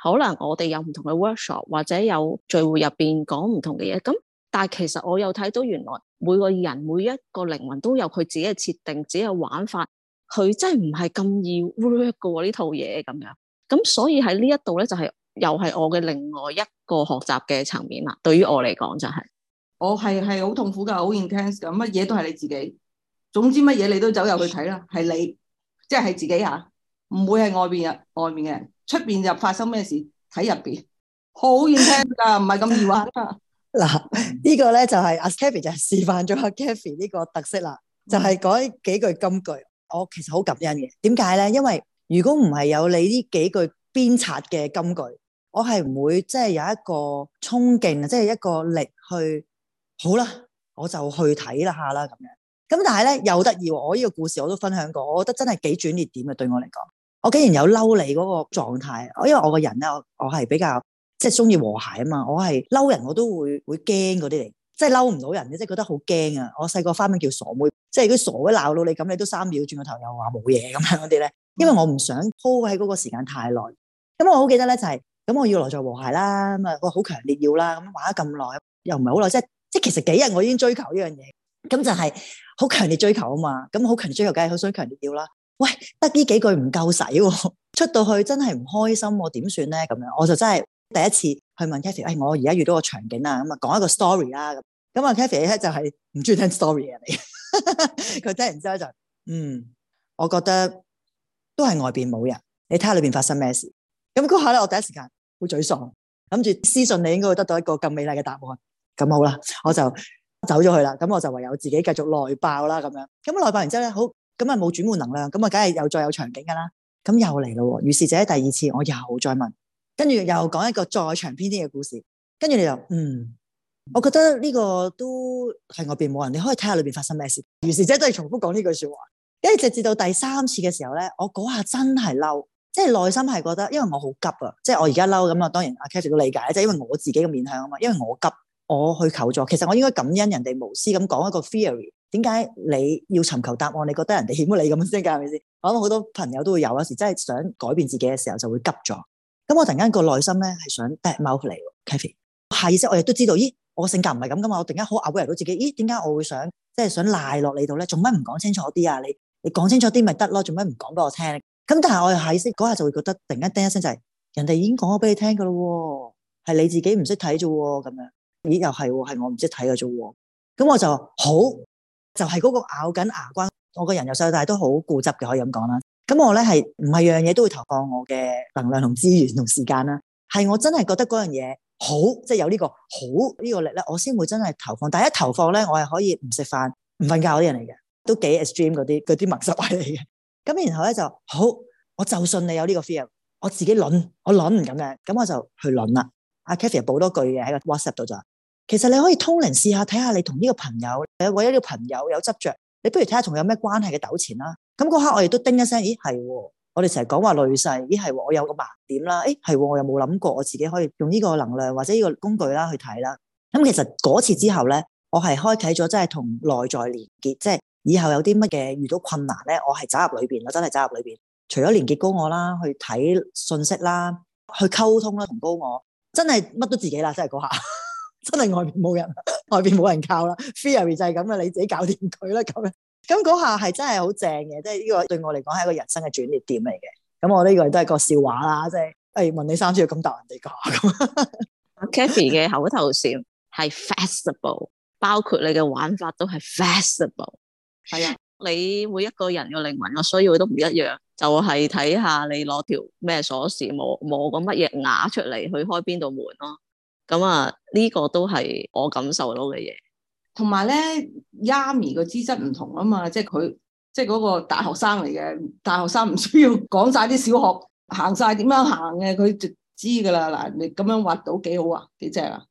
可能我哋有唔同嘅 workshop 或者有聚會入面講唔同嘅嘢。咁但係其實我又睇到原來每個人每一個靈魂都有佢自己嘅設定，自己嘅玩法。佢真係唔係咁易 work 嘅喎，呢套嘢咁樣，咁所以喺呢一度咧就係、是、又係我嘅另外一個學習嘅層面啦。對於我嚟講就係、是，我係係好痛苦噶，好 intense 噶，乜嘢都係你自己。總之乜嘢你都走入去睇啦，係你即係係自己嚇、啊，唔會係外邊人，外面嘅出邊入發生咩事睇入邊，好 intense 噶，唔係咁易玩嗱，呢、這個咧就係阿 s k k a v 就係示範咗 Kavy 呢個特色啦，就係、是、講幾句金句。我其實好感恩嘅，點解咧？因為如果唔係有你呢幾句鞭策嘅金句，我係唔會即係有一個衝勁啊，即係一個力去好啦，我就去睇啦下啦咁樣。咁但係咧又得意喎！我呢個故事我都分享過，我覺得真係幾轉捩點嘅，對我嚟講。我竟然有嬲你嗰個狀態，因為我個人咧，我我係比較即係中意和諧啊嘛，我係嬲人我都會會驚嗰啲嚟。是，即係嬲唔到人，你即係覺得好驚啊！我細個花名叫傻妹，即係佢傻妹鬧到你咁，你都三秒轉個頭又話冇嘢咁樣嗰啲咧。因為我唔想鋪喺嗰個時間太耐。咁我好記得咧就係、是，咁我要內在和諧啦，咁啊，我好強烈要啦。咁玩咗咁耐，又唔係好耐，即係即係其實幾日我已經追求呢樣嘢，咁就係好強烈追求啊嘛。咁好強烈追求，梗係好想強烈要啦。喂，得呢幾句唔夠使，出到去真係唔開心，啊，我點算咧？咁樣我就真係。第一次去問 Kathy，誒、哎，我而家遇到個場景啊，咁啊講一個 story 啦，咁咁啊 Kathy 咧就係唔中意聽 story 啊，佢聽完之後就，嗯，我覺得都係外邊冇人，你睇下裏邊發生咩事，咁嗰下咧我第一時間好沮喪，諗住私信你應該會得到一個咁美麗嘅答案，咁好啦，我就走咗去啦，咁我就唯有自己繼續內爆啦，咁樣咁內爆完之後咧，好，咁啊冇轉換能量，咁啊梗係又再有場景噶啦，咁又嚟咯，於是者第二次我又再問。跟住又講一個再長篇啲嘅故事，跟住你就，嗯，我覺得呢個都係外邊冇人，你可以睇下裏面發生咩事。於是即係真係重複講呢句說話，跟住直至到第三次嘅時候咧，我嗰下真係嬲，即係內心係覺得，因為我好急啊，即係我而家嬲咁啊。當然阿 c a s i 都理解，即、就、係、是、因為我自己嘅面向啊嘛，因為我急，我去求助，其實我應該感恩人哋無私咁講一個 theory，點解你要尋求答案？你覺得人哋欠你咁先㗎，係咪先？可能好多朋友都會有，有時真係想改變自己嘅時候就會急咗。咁我突然間個內心咧係想，誒，踎翻嚟，Kathy。係，即係我亦都知道，咦，我性格唔係咁噶嘛，我突然間好拗鬼嚟到自己，咦，點解我會想，即係想賴落你度咧？做乜唔講清楚啲啊？你，你講清楚啲咪得咯？做咩唔講俾我聽咧？咁但係我又係識，嗰下就會覺得突然間叮一聲就係，人哋已經講咗俾你聽噶咯，係你自己唔識睇啫，咁樣，咦，又係，係我唔識睇噶啫，咁我就好，就係嗰個咬緊牙關，我個人由細到大都好固執嘅，可以咁講啦。咁我咧係唔係樣嘢都會投放我嘅能量同資源同時間啦，係我真係覺得嗰樣嘢好，即係有呢個好呢個力咧，我先會真係投放。但係一投放咧，我係可以唔食飯唔瞓覺啲人嚟嘅，都幾 extreme 嗰啲、嗰啲物質位嚟嘅。咁然後咧就好，我就信你有呢個 feel，我自己諗我諗咁樣，咁我就去諗啦。阿 Kathy 又補多句嘢喺個 WhatsApp 度，就其實你可以通靈試下睇下你同呢個朋友，或者呢個朋友有執着，你不如睇下同有咩關係嘅糾纏啦。咁嗰刻我亦都叮一聲，咦係，我哋成日講話女勢，咦係，我有個盲點啦，誒係，我又冇諗過我自己可以用呢個能量或者呢個工具啦去睇啦。咁其實嗰次之後咧，我係開啟咗，真係同內在連結，即係以後有啲乜嘅遇到困難咧，我係走入裏邊啦，我真係走入裏邊。除咗連結高我啦，去睇信息啦，去溝通啦，同高我，真係乜都自己啦，真係嗰下，真係外邊冇人，外邊冇人靠啦，Fear 就係咁啊，你自己搞掂佢啦咁樣。咁嗰下係真係好正嘅，即係呢個對我嚟講係一個人生嘅轉折點嚟嘅。咁我呢個亦都係個笑話啦，即係誒問你三次要咁答人哋個。Kathy 嘅口頭禪係 festival， 包括你嘅玩法都係 festival。係啊，你每一個人嘅靈魂嘅需要都唔一樣，就係睇下你攞條咩鎖匙，磨磨個乜嘢牙出嚟去開邊度門咯。咁啊，呢個都係我感受到嘅嘢。同埋咧，Yami 個資質唔同啊嘛，即係佢即係嗰個大學生嚟嘅，大學生唔需要講晒啲小學行晒點樣行嘅，佢就知㗎啦。嗱，你咁樣畫到幾好啊？幾正啊？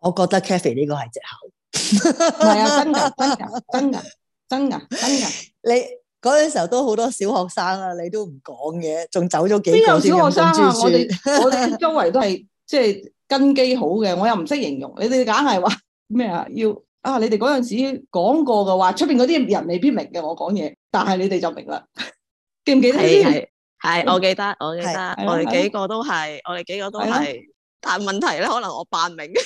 我覺得 Cafe 呢個係借口，唔 係啊！真㗎，真㗎，真㗎，真㗎，真㗎。你嗰陣 時候都好多小學生啦、啊，你都唔講嘢，仲走咗幾個邊有小學生。我哋我哋周圍都係即係根基好嘅，我又唔識形容，你哋梗係話咩啊？要啊！你哋嗰陣時講過嘅話，出邊嗰啲人未必明嘅，我講嘢，但係你哋就明啦。記唔記得？係係，我記得，我記得，係我哋幾個都係，我哋幾個都係。但係問題咧，可能我扮明嘅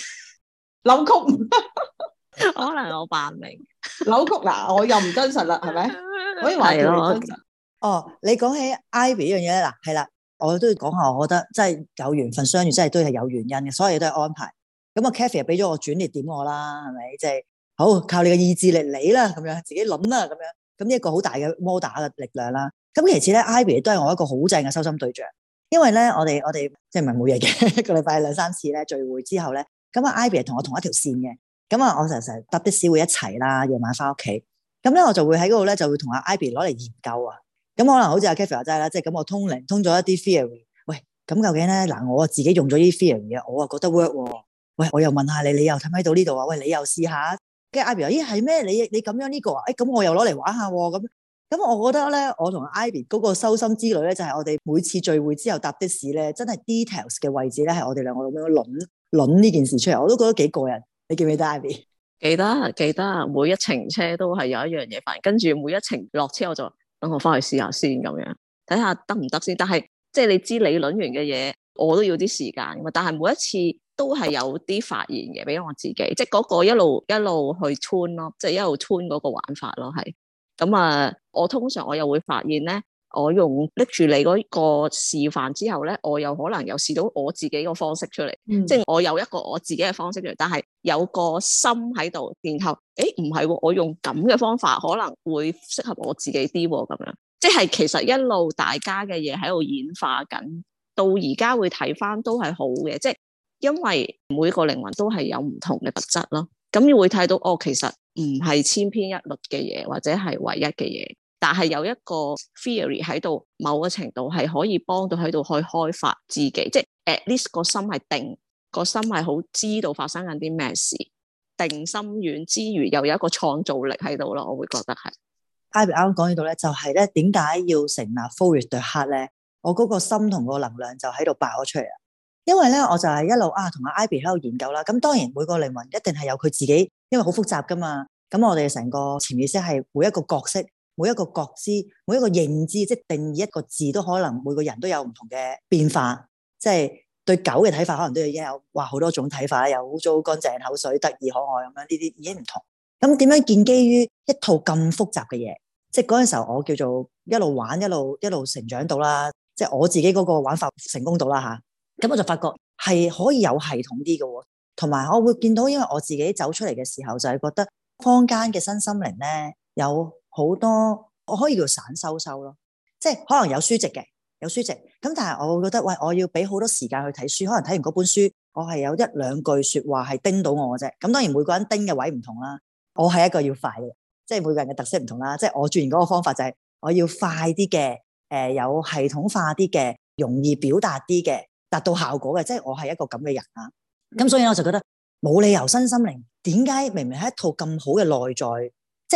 扭曲， 可能我扮明嘅扭曲。嗱， 我又唔真實啦，係咪？可以話叫唔真實。哦，你講起 Ivy 呢樣嘢咧，嗱係啦，係啦我都要講下。我覺得真係有緣分相遇，真係都係有原因嘅，所有都係安排。咁啊，Cathy 俾咗我轉捩點我啦，係咪？即係。好靠你嘅意志力你啦，咁樣自己諗啦，咁樣咁一、一個好大嘅摩打嘅力量啦。咁其次咧，Ivy 都係我一個好正嘅收心對象，因為咧我哋我哋即係唔係每日嘅，一個禮拜兩三次咧聚會之後咧，咁、嗯、啊 Ivy 同我同一條線嘅，咁、嗯、啊我成日搭的士會一齊啦，夜晚翻屋企，咁、嗯、咧我就會喺嗰度咧就會同阿 Ivy 攞嚟研究啊。咁、嗯、可能好似阿 Kathy 話齋啦，即係咁我通靈通咗一啲 theory，喂咁、嗯、究竟咧嗱，我自己用咗啲 theory 嘅，我啊覺得 work 喂我又問下你，你又睇喺到呢度啊，喂你又試下。跟住 ivy 話咦，係咩？你你咁樣呢，這個啊？誒咁我又攞嚟玩下咁、哦、咁，我覺得咧，我同 ivy 嗰個收心之旅咧，就係、是、我哋每次聚會之後搭的士咧，真係 details 嘅位置咧，係我哋兩個咁樣諗諗呢件事出嚟，我都覺得幾過癮。你記唔記得 ivy？記得記得，每一程車都係有一樣嘢煩，跟住每一程落車我就等我翻去試下先咁樣睇下得唔得先。但係即係你知你諗完嘅嘢。我都要啲時間嘛，但係每一次都係有啲發現嘅，俾我自己，即係嗰個一路一路去 turn 咯，即係一路 turn 嗰個玩法咯，係咁啊！我通常我又會發現咧，我用拎住你嗰個示範之後咧，我又可能又試到我自己個方式出嚟，嗯，即係我有一個我自己嘅方式出嚟，但係有個心喺度，然後誒，唔係，我用咁嘅方法可能會適合我自己啲咁樣，即係其實一路大家嘅嘢喺度演化緊。到而家會睇翻都係好嘅，即係因為每一個靈魂都係有唔同嘅物質咯，咁會睇到哦，其實唔係千篇一律嘅嘢，或者係唯一嘅嘢，但係有一個 theory 喺度，某個程度係可以幫到喺度去開發自己，即 at least 個心係定，個心係好知道發生緊啲咩事，定心遠之餘又有一個創造力喺度咯，我會覺得係。Ivy 啱啱講到咧，就係咧點解要成立 Four 月奪黑咧？我嗰個心同個能量就喺度爆咗出嚟。因為咧，我就係一路啊，同阿 Ivy 喺度研究啦。咁當然每個靈魂一定係有佢自己，因為好複雜㗎嘛。咁我哋成個潛意識係每，每一個角色、每一個角色、每一個認知，即係定義一個字都可能每個人都有唔同嘅變化。即係對狗嘅睇法，可能都已經有哇好多種睇法，有污糟乾淨口水得意可愛咁樣呢啲已經唔同。咁點樣建基於一套咁複雜嘅嘢？即係嗰陣時候，我叫做一路玩一路一路成長到啦。即係我自己嗰個玩法成功到啦吓，咁我就發覺係可以有系統啲嘅，同埋我會見到，因為我自己走出嚟嘅時候，就係覺得坊間嘅身心靈咧有好多，我可以叫散修修咯，即係可能有書籍嘅，有書籍，咁但係我會覺得喂，我要俾好多時間去睇書，可能睇完嗰本書，我係有一兩句說話係叮到我嘅啫。咁當然每個人叮嘅位唔同啦，我係一個要快嘅，即係每個人嘅特色唔同啦。即係我轉完嗰個方法就係我要快啲嘅。誒、呃、有系統化啲嘅，容易表達啲嘅，達到效果嘅，即係我係一個咁嘅人啊！咁所以我就覺得冇理由身心靈點解明明係一套咁好嘅內在，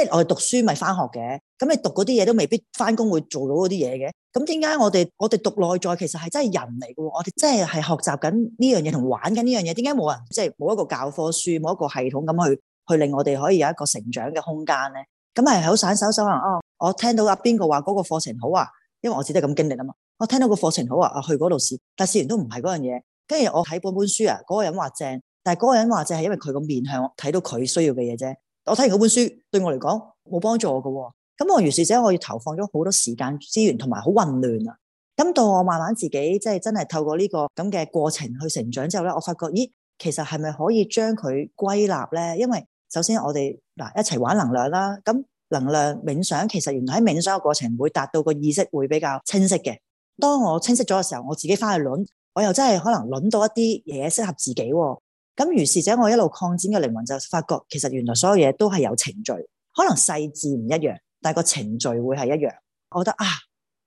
即係我哋讀書咪翻學嘅，咁你讀嗰啲嘢都未必翻工會做到嗰啲嘢嘅，咁點解我哋我哋讀內在其實係真係人嚟嘅？我哋真係係學習緊呢樣嘢同玩緊呢樣嘢，點解冇人即係冇一個教科書，冇一個系統咁去去令我哋可以有一個成長嘅空間咧？咁係好散手手行哦，我聽到阿邊個話嗰個課程好啊！因為我自己係咁經歷啊嘛，我聽到個課程好啊，阿去嗰度試，但係試完都唔係嗰樣嘢。跟住我睇本本書啊，嗰、嗰個人話正，但係嗰個人話正係因為佢個面向我睇到佢需要嘅嘢啫。我睇完嗰本書對我嚟講冇幫助嘅，咁我如是者我要投放咗好多時間資源同埋好混亂啊。咁到我慢慢自己即係真係透過呢、呢個咁嘅過程去成長之後咧，我發覺咦，其實係咪可以將佢歸納咧？因為首先我哋嗱一齊玩能量啦，咁。能量冥想，其實原來喺冥想嘅過程會達到個意識會比較清晰嘅。當我清晰咗嘅時候，我自己翻去諗，我又真係可能諗到一啲嘢適合自己，哦。咁如是者，我一路擴展嘅靈魂就發覺，其實原來所有嘢都係有程序，可能細緻唔一樣，但係個程序會係一樣。我覺得啊，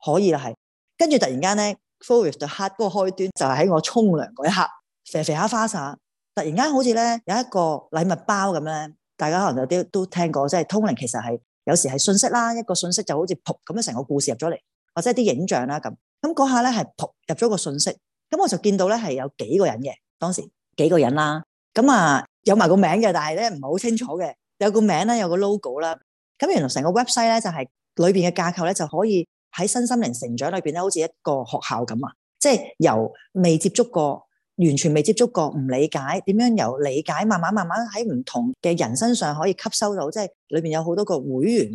可以喇，係。跟住突然間呢 Flow With The Heart 嗰個開端，就係、是、喺我沖涼嗰一刻，肥肥下花灑，突然間好似咧有一個禮物包咁咧。大家可能有啲都聽過，即係通靈其實係。有時係信息啦，一個信息就好似撲咁樣成個故事入咗嚟，或者啲影像啦咁。咁嗰下咧係撲入咗個信息，咁我就見到咧係有幾個人嘅，當時幾個人啦，咁啊有埋個名嘅，但係咧唔係好清楚嘅，有個名咧，有個 logo 啦，咁原來成個 website 咧就係裏邊嘅架構咧就可以喺身心靈成長裏邊咧，好似一個學校咁啊，即係由未接觸過。完全未接觸過，唔理解點樣由理解慢慢慢慢喺唔同嘅人身上可以吸收到，即係裏面有好多個會員。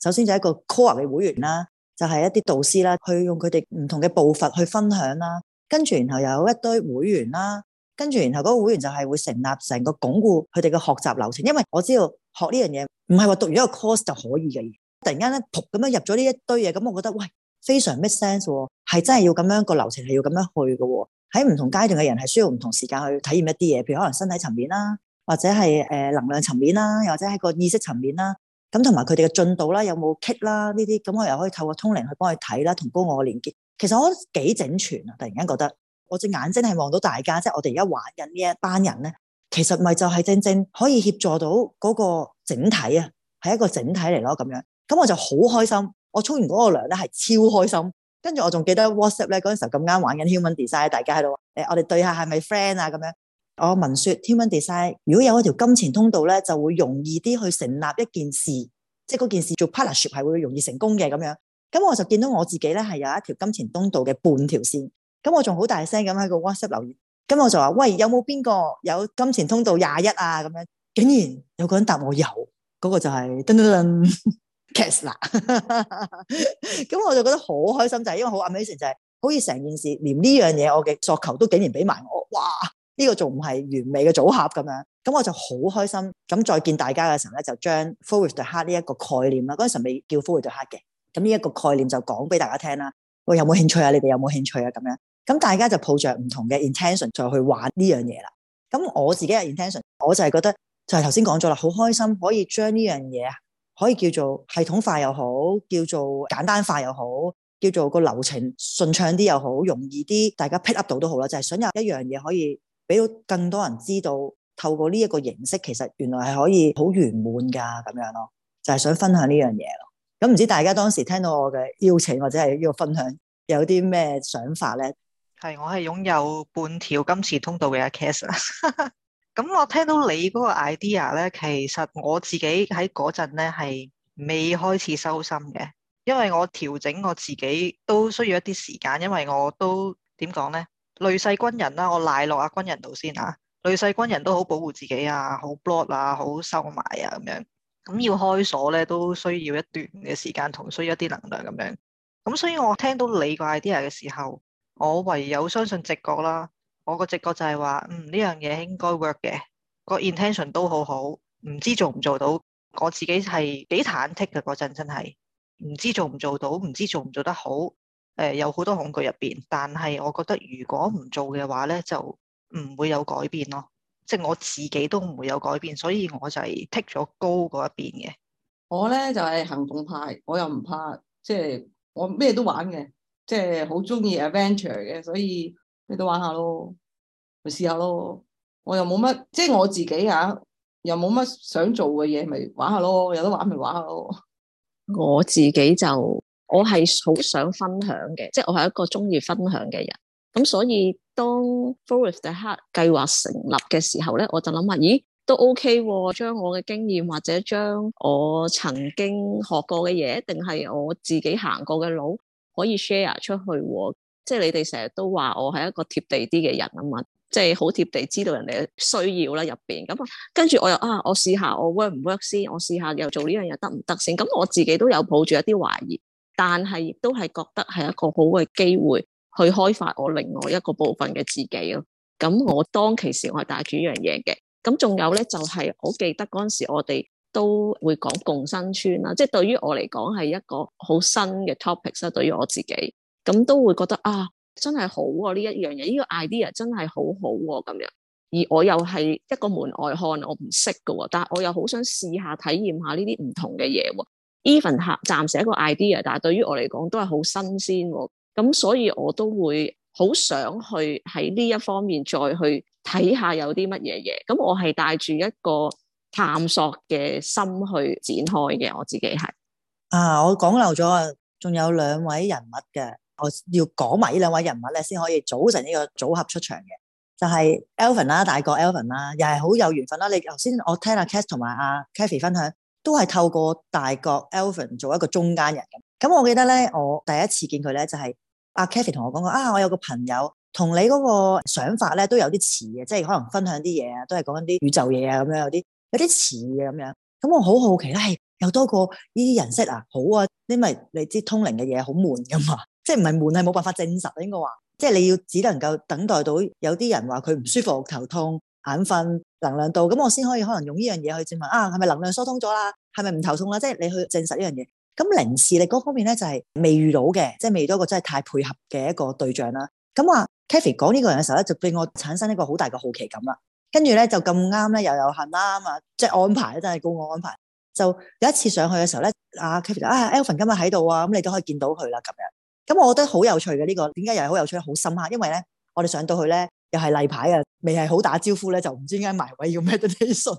首先就係一個 core 嘅會員啦，就係、是、一啲導師啦，去用佢哋唔同嘅步伐去分享啦。跟住然後又有一堆會員啦，跟住然後嗰個會員就係會成立成個鞏固佢哋嘅學習流程。因為我知道學呢樣嘢唔係話讀完一個 course 就可以嘅嘢。突然間咧，噗咁樣入咗呢一堆嘢，咁我覺得喂非常 make sense 喎、哦，係真係要咁樣個流程係要咁樣去嘅喎、哦。喺唔同階段嘅人係需要唔同時間去體驗一啲嘢，譬如可能身體層面啦，或者係誒能量層面啦，又或者係個意識層面啦。咁同埋佢哋嘅進度啦，有冇棘啦呢啲，咁我又可以透過通靈去幫佢睇啦，同高我連結。其實我覺得幾整全啊！突然間覺得我隻眼睛係望到大家，即係我哋而家玩緊呢一班人咧，其實咪就係正正可以協助到嗰個整體啊，係一個整體嚟咯咁樣。咁我就好開心，我沖完嗰個涼咧係超開心。跟住我仲記得 WhatsApp 咧，嗰陣時候咁啱玩緊 Human Design，大家喺度、哎、我哋對下係咪 friend 啊？咁樣我聞說 Human Design 如果有一條金錢通道咧，就會容易啲去成立一件事，即係嗰件事做 partnership 係會容易成功嘅咁樣。咁我就見到我自己咧係有一條金錢通道嘅半條線。咁我仲好大聲咁喺個 WhatsApp 留言。咁我就話：喂，有冇邊個有金錢通道廿一啊？咁樣竟然有個人答我有，嗰、那個就係、是、噔噔噔。咁 我就覺得好開心，就係、是、因為喜、就是、好 Amazing，就係好似成件事，連呢樣嘢我嘅索求都竟然俾埋我，哇！呢、這個仲唔係完美嘅組合咁樣，咁我就好開心。咁再見大家嘅時候咧，就將 Flow With The Heart 呢一個概念啦，嗰陣時未叫 Flow With The Heart 嘅，咁呢一個概念就講俾大家聽啦。我、欸、有冇興趣啊？你哋有冇興趣啊？咁樣，咁大家就抱着唔同嘅 intention 再去玩呢樣嘢啦。咁我自己嘅 intention，我就係覺得就係頭先講咗啦，好開心可以將呢樣嘢啊～可以叫做系統化又好，叫做簡單化又好，叫做個流程順暢啲又好，容易啲大家 pick up 到都好啦。就係想有一樣嘢可以俾到更多人知道，透過呢一個形式，其實原來係可以好圓滿噶咁樣咯。就係想分享呢樣嘢咯。咁唔知大家當時聽到我嘅邀請或者係呢個分享，有啲咩想法呢？係我係擁有半條今次通道嘅 cas 啦咁我聽到你嗰個 idea 咧，其實我自己喺嗰陣咧係未開始收心嘅，因為我調整我自己都需要一啲時間，因為我都點講咧，累世軍人啦，我賴落阿軍人度先嚇，累世軍人都好保護自己啊，好 block 啊，好收埋啊咁樣，咁要開鎖咧都需要一段嘅時間同需要一啲能量咁樣，咁所以我聽到你個 idea 嘅時候，我唯有相信直覺啦。我個直覺就係話，嗯，呢樣嘢應該 work 嘅，個 intention 都好好，唔知做唔做到。我自己係幾忐忑嘅嗰陣，真係唔知做唔做到，唔知做唔做得好，誒有好多恐懼入邊。但係我覺得如果唔做嘅話咧，就唔會有改變咯，即係我自己都唔會有改變。所以我就係 take 咗高嗰一邊嘅。我咧就係行動派，我又唔怕，即係我咩都玩嘅，即係好中意 adventure 嘅，所以。你都玩下咯，咪試下咯。我又冇乜，即係我自己啊，又冇乜想做嘅嘢，咪玩下咯。有得玩咪玩下咯。我自己就我係好想分享嘅，即係我係一個中意分享嘅人。咁所以當 Flow With The Heart 計劃成立嘅時候咧，我就諗下，咦，都 OK，將我嘅經驗或者將我曾經學過嘅嘢，定係我自己行過嘅路，可以 share 出去。即係你哋成日都話我係一個貼地啲嘅人啊嘛，即係好貼地，知道人哋嘅需要啦入邊。咁啊，跟住我又啊，我試下我 work 唔 work 先，我試下又做呢樣嘢得唔得先？咁我自己都有抱住一啲懷疑，但係亦都係覺得係一個好嘅機會去開發我另外一個部分嘅自己咯。咁我當其時我係帶住呢樣嘢嘅。咁仲有咧，就係我記得嗰時，我哋都會講共生村啦。即係對於我嚟講係一個好新嘅 topic 啦，對於我自己。咁都會覺得啊，真係好喎、啊！呢一樣嘢，呢、這個 idea 真係好好、啊、喎，咁樣。而我又係一個門外漢，我唔識㗎喎，但係我又好想試下體驗下呢啲唔同嘅嘢喎。Even 客暫時一個 idea，但係對於我嚟講都係好新鮮喎。咁所以我都會好想去喺呢一方面再去睇下有啲乜嘢嘢。咁我係帶住一個探索嘅心去展開嘅，我自己係。啊，我講漏咗啊，仲有兩位人物嘅。我要講埋呢兩位人物咧，先可以組成呢個組合出場嘅，就係、是、Alvin 啦，大國 Alvin 啦，又係好有緣分啦。你頭先我聽阿 Cass 同埋阿 Cathy 分享，都係透過大國 Alvin 做一個中間人咁。咁我記得咧，我第一次見佢咧，就係阿 Cathy 同我講過啊，我有個朋友同你嗰個想法咧都有啲似嘅，即係可能分享啲嘢啊，都係講緊啲宇宙嘢啊咁樣，有啲有啲似嘅咁樣。咁我好好奇咧、哎，有多過呢啲人識啊，好啊，因為你知通靈嘅嘢好悶噶嘛。即係唔係悶係冇辦法證實應該話，即係你要只能夠等待到有啲人話佢唔舒服頭痛眼瞓能量度，咁我先可以可能用呢樣嘢去證明啊係咪能量疏通咗啦？係咪唔頭痛啦？即係你去證實呢樣嘢。咁靈視力嗰方面咧就係、是、未遇到嘅，即、就、係、是、未遇到一個真係太配合嘅一個對象啦。咁話 Kathy 講呢個人嘅時候咧，就俾我產生一個好大嘅好奇感啦。跟住咧就咁啱咧又有幸啦啊！即係安排真係高個安排，就有一次上去嘅時候咧，阿、啊、Kathy 啊 Elvin 今日喺度啊，咁、啊、你都可以見到佢啦咁樣。咁我覺得好有趣嘅呢個，點解又係好有趣？好深刻，因為咧，我哋上到去咧，又係例牌啊，未係好打招呼咧，就唔知點解埋位要 meditation，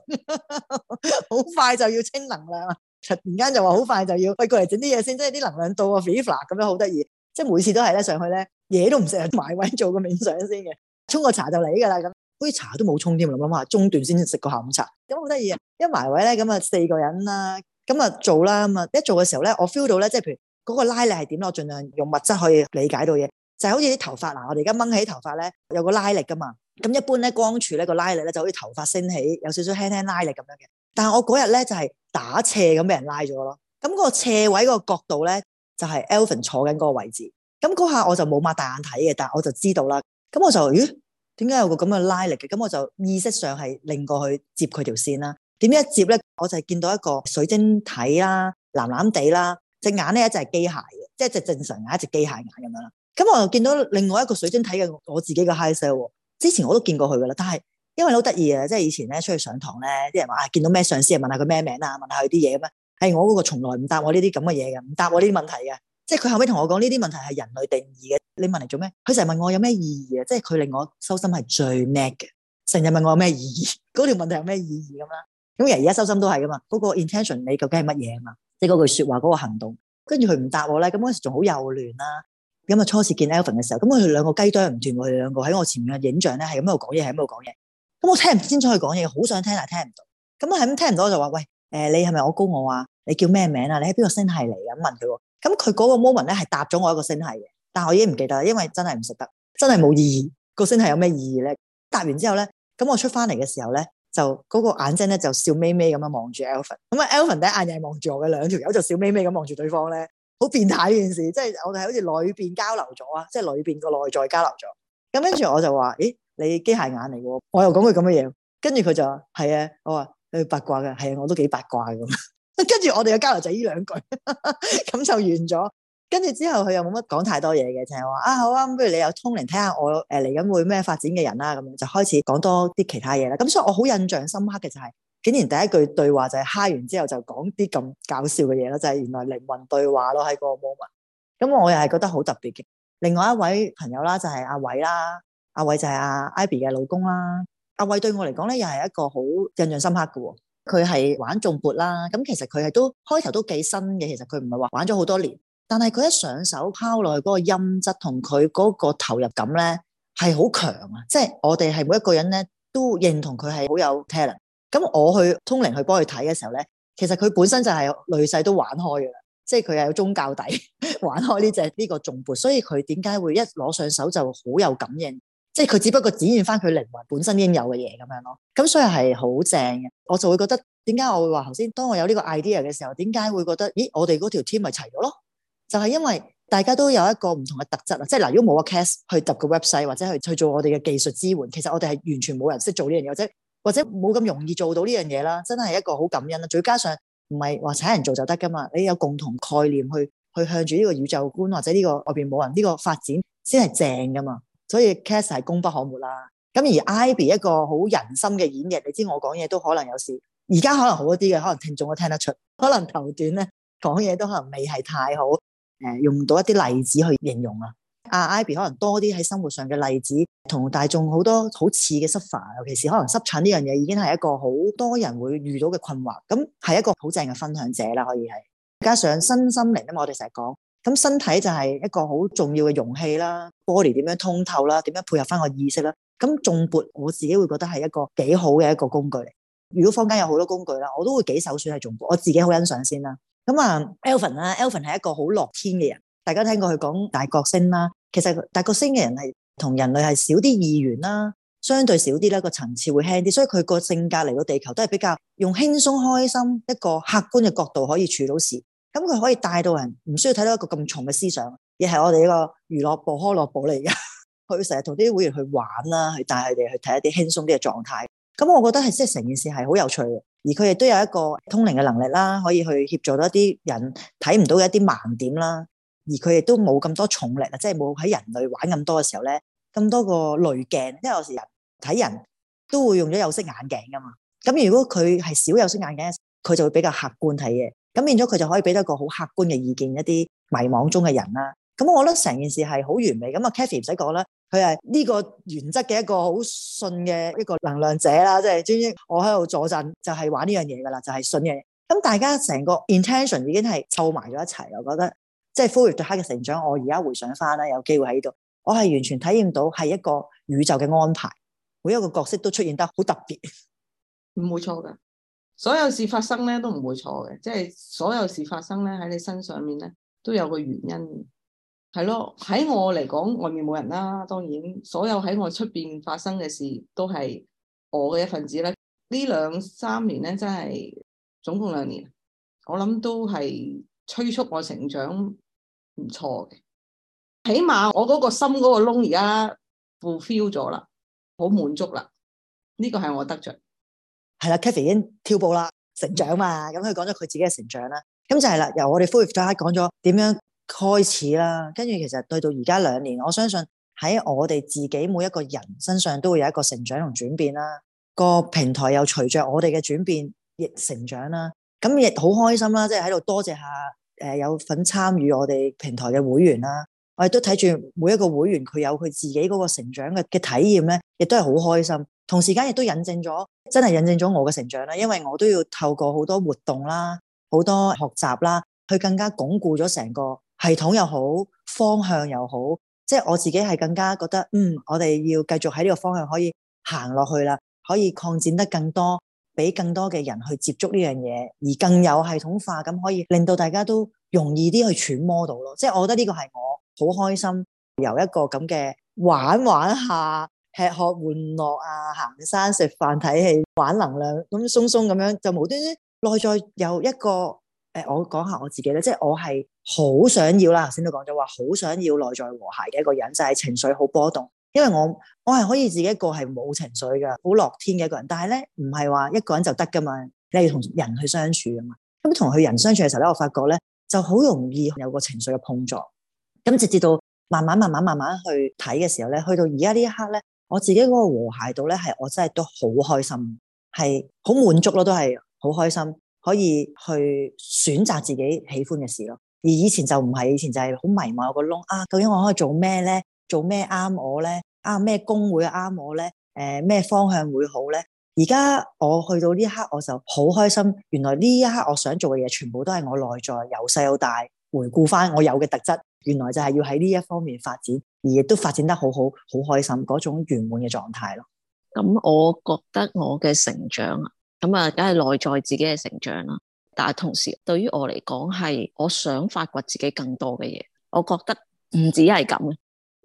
好快就要清能量，突然間就話好快就要，喂、哎，過嚟整啲嘢先，即係啲能量到啊，Viva，咁樣好得意，即係每次都係咧上去咧，嘢都唔食，埋位做個冥想先嘅，沖個茶就嚟噶啦咁，杯茶都冇沖添，諗諗下中段先食個下午茶，咁好得意啊，一埋位咧咁啊四個人啦，咁啊做啦咁啊，一做嘅時候咧，我 feel 到咧，即係譬如。嗰個拉力係點咯？我盡量用物質可以理解到嘢，就係好似啲頭髮嗱，我哋而家掹起頭髮咧，有個拉力噶嘛。咁一般咧，光柱咧個拉力咧就好似頭髮升起，有少少輕輕拉力咁樣嘅。但係我嗰日咧就係打斜咁俾人拉咗咯。咁個斜位個角度咧，就係 Elvin 坐緊嗰個位置。咁嗰下我就冇擘大眼睇嘅，但係我就知道啦。咁我就咦，點解有個咁嘅拉力嘅？咁我就意識上係擰過去接佢條線啦。點樣一接咧，我就係見到一個水晶體啦，藍藍地啦。隻眼咧一隻係機械嘅，即係一隻正常眼，一隻機械眼咁樣啦。咁我又見到另外一個水晶體嘅我自己個 High Self。之前我都見過佢噶啦，但係因為好得意啊，即係以前咧出去上堂咧，啲人話啊見到咩上司啊，問下佢咩名啊，問下佢啲嘢咁樣。係、欸、我嗰個從來唔答我呢啲咁嘅嘢嘅，唔答我呢啲問題嘅。即係佢後尾同我講呢啲問題係人類定義嘅，你問嚟做咩？佢成日問我有咩意義啊？即係佢令我修心係最叻嘅。成日問我有咩意義？嗰條問題有咩意義咁啦？咁人而家修心都係噶嘛？嗰、那個 intention 你究竟係乜嘢啊嘛？即係嗰句說話，嗰、嗰個行動，跟住佢唔答我咧。咁嗰時仲好幼嫩啦。咁啊，初次見 Elvin 嘅時候，咁佢哋兩個雞啄唔斷，我哋兩個喺我前面嘅影像咧，係咁喺度講嘢，係咁喺度講嘢。咁我聽唔清楚佢講嘢，好想聽但係聽唔到。咁我係咁聽唔到，我就話喂，誒、呃，你係咪我高我啊？你叫咩名啊？你喺邊個星系嚟嘅？咁問佢。咁佢嗰個 moment 咧係答咗我一個星系嘅，但係我已經唔記得，因為真係唔識得，真係冇意義。個星系有咩意義咧？答完之後咧，咁我出翻嚟嘅時候咧。就嗰、嗰個眼睛咧就笑眯眯咁樣望住 Alvin，咁啊 Alvin 第一眼又係望住我嘅，兩條友就笑眯眯咁望住對方咧，好變態呢件事，即係我哋係好似裏邊交流咗啊，即係裏邊個內在交流咗。咁跟住我就話：，誒，你機械眼嚟喎！」我又講佢咁嘅嘢。跟住佢就話：，係啊，我話佢八卦嘅，係啊，我都幾八卦咁。跟 住我哋嘅交流就呢兩句，咁 就完咗。跟住之後，佢又冇乜講太多嘢嘅，就係、是、話啊好啊，不如你又通靈睇下我嚟緊、呃、會咩發展嘅人啦咁樣，就開始講多啲其他嘢啦。咁所以我好印象深刻嘅就係、是、竟然第一句對話就係、是、嗨完之後就講啲咁搞笑嘅嘢啦，就係、是、原來靈魂對話咯喺個 moment。咁我又係覺得好特別嘅。另外一位朋友啦，就係阿偉啦，阿偉就係阿 Ivy 嘅老公啦。阿偉對我嚟講咧，又係一個好印象深刻喎。佢係玩眾播啦，咁其實佢係都開頭都幾新嘅。其實佢唔係話玩咗好多年，但係佢一上手拋落去嗰、那個音質同佢嗰個投入感咧係好強啊！即、就、係、是、我哋係每一個人咧都認同佢係好有 talent。咁我去通靈去幫佢睇嘅時候咧，其實佢本身就係女世都玩開噶啦，即係佢係有宗教底玩開呢隻呢個重撥、這個，所以佢點解會一攞上手就好有感應？即係佢只不過展現翻佢靈魂本身應有嘅嘢咁樣咯。咁所以係好正嘅，我就會覺得點解我會話頭先？當我有呢個 idea 嘅時候，點解會覺得？咦，我哋嗰條 team 咪齊咗咯？就係、是、因為大家都有一個唔同嘅特質啊，即係嗱，如果冇個 cast 去揼個 website 或者去去做我哋嘅技術支援，其實我哋係完全冇人識做呢樣嘢，或者或者冇咁容易做到呢樣嘢啦。真係一個好感恩啦，再加上唔係話請人做就得噶嘛，你有共同概念去去向住呢個宇宙觀或者呢個外面冇人呢、呢個發展先係正噶嘛。所以 cast 係功不可沒啦。咁而 i b e 一個好人心嘅演繹，你知我講嘢都可能有事，而家可能好一啲嘅，可能聽眾都聽得出，可能頭段咧講嘢都可能未係太好。誒，用唔到一啲例子去形容啊，阿 Ivy 可能多啲喺生活上嘅例子，同大眾好多好似嘅濕疹，尤其是可能濕疹呢樣嘢，已經係一個好多人會遇到嘅困惑，咁係一個好正嘅分享者啦，可以係。加上身心靈啊嘛，我哋成日講，咁身體就係一個好重要嘅容器啦，玻璃點樣通透啦，點樣配合翻個意識啦，咁頌缽我自己會覺得係一個幾好嘅一個工具嚟。如果坊間有好多工具啦，我都會幾首選係頌缽，我自己好欣賞先啦。咁啊 Alvin 啦 Alvin 係一個好樂天嘅人。大家聽過佢講大角星啦，其實大角星嘅人係同人類係少啲意願啦，相對少啲啦，個層次會輕啲，所以佢個性格嚟到地球都係比較用輕鬆開心一個客觀嘅角度可以處理到事。咁佢可以帶到人，唔需要睇到一個咁重嘅思想，亦係我哋呢個娛樂部、歡樂部嚟㗎，佢成日同啲會員去玩啦，去帶佢哋去睇一啲輕鬆啲嘅狀態。咁我覺得係即係成件事係好有趣嘅而佢亦都有一個通靈嘅能力啦，可以去協助一些人看不到的一啲人睇唔到嘅一啲盲點啦。而佢亦都冇咁多重力啊，即係冇喺人類玩咁多嘅時候咧，咁多個濾鏡，即係有時人睇人都會用咗有色眼鏡㗎嘛。咁如果佢係少有色眼鏡，佢就會比較客觀睇嘢，咁變咗佢就可以俾到一個好客觀嘅意見一啲迷惘中嘅人啦。咁我覺得成件事係好完美。咁啊，Kathy 唔使講啦。佢係呢個原則嘅一個好信嘅一個能量者啦，即係總之我喺度助陣就係玩呢樣嘢噶啦，就係、是就是就是、信嘅。咁大家成個 intention 已經係湊埋咗一齊，我覺得即係 Flow With The Heart 嘅成長，我而家回想翻啦，有機會喺度，我係完全體驗到係一個宇宙嘅安排，每一個角色都出現得好特別。唔會錯噶，所有事發生咧都唔會錯嘅，即、就、係、是、所有事發生咧喺你身上面咧都有個原因。係咯，喺我嚟講，外面冇人啦。當然，所有喺我出邊發生嘅事，都係我嘅一份子咧。呢兩三年咧，真係總共兩年，我諗都係催促我成長，唔錯嘅。起碼我嗰個心嗰個窿而家 fulfill 咗啦，好滿足啦。呢、這個係我得着。係啦，Cathy 已經跳步啦，成長嘛。咁佢講咗佢自己嘅成長啦。咁就係啦，由我哋 first 嗰刻講咗點樣。開始啦，跟住其實對到而家兩年，我相信喺我哋自己每一個人身上都會有一個成長同轉變啦。個平台又隨着我哋嘅轉變亦成長啦，咁亦好開心啦，即係喺度多謝下誒、呃、有份參與我哋平台嘅會員啦。我亦都睇住每一個會員佢有佢自己嗰個成長嘅嘅體驗咧，亦都係好開心。同時間亦都印證咗，真係印證咗我嘅成長啦。因為我都要透過好多活動啦，好多學習啦，去更加鞏固咗成個。系統又好，方向又好，即係我自己係更加覺得，嗯，我哋要繼續喺呢個方向可以行落去啦，可以擴展得更多，俾更多嘅人去接觸呢樣嘢，而更有系統化咁，可以令到大家都容易啲去揣摩到咯。即係我覺得呢個係我好開心，由一個咁嘅玩玩下、吃喝玩樂啊、行山食飯睇戲玩能量咁鬆鬆咁樣，就無端端內在有一個誒，我講下我自己咧，即係我係。好想要啦！頭先都講咗話，好想要內在和諧嘅一個人，就係情緒好波動。因為我我係可以自己一個係冇情緒嘅，好樂天嘅一個人。但係咧，唔係話一個人就得噶嘛，你係同人去相處啊嘛。咁同佢人相處嘅時候咧，我發覺咧就好容易有個情緒嘅碰撞。咁直至到慢慢慢慢慢慢去睇嘅時候咧，去到而家呢一刻咧，我自己嗰個和諧度咧，係我真係都好開心，係好滿足咯，都係好開心，可以去選擇自己喜歡嘅事咯。而以前就唔係，以前就係好迷茫個窿啊！究竟我可以做咩咧？做咩啱我咧？啱、啊、咩工會啱我咧？誒、呃、咩方向會好咧？而家我去到呢一刻，我就好開心。原來呢一刻我想做嘅嘢，全部都係我內在由細到大回顧翻我有嘅特質。原來就係要喺呢一方面發展，而亦都發展得好好，好開心嗰種圓滿嘅狀態咯。咁我覺得我嘅成長，咁啊，梗係內在自己嘅成長啦。但係同時，對於我嚟講，係我想發掘自己更多嘅嘢。我覺得唔止係咁嘅，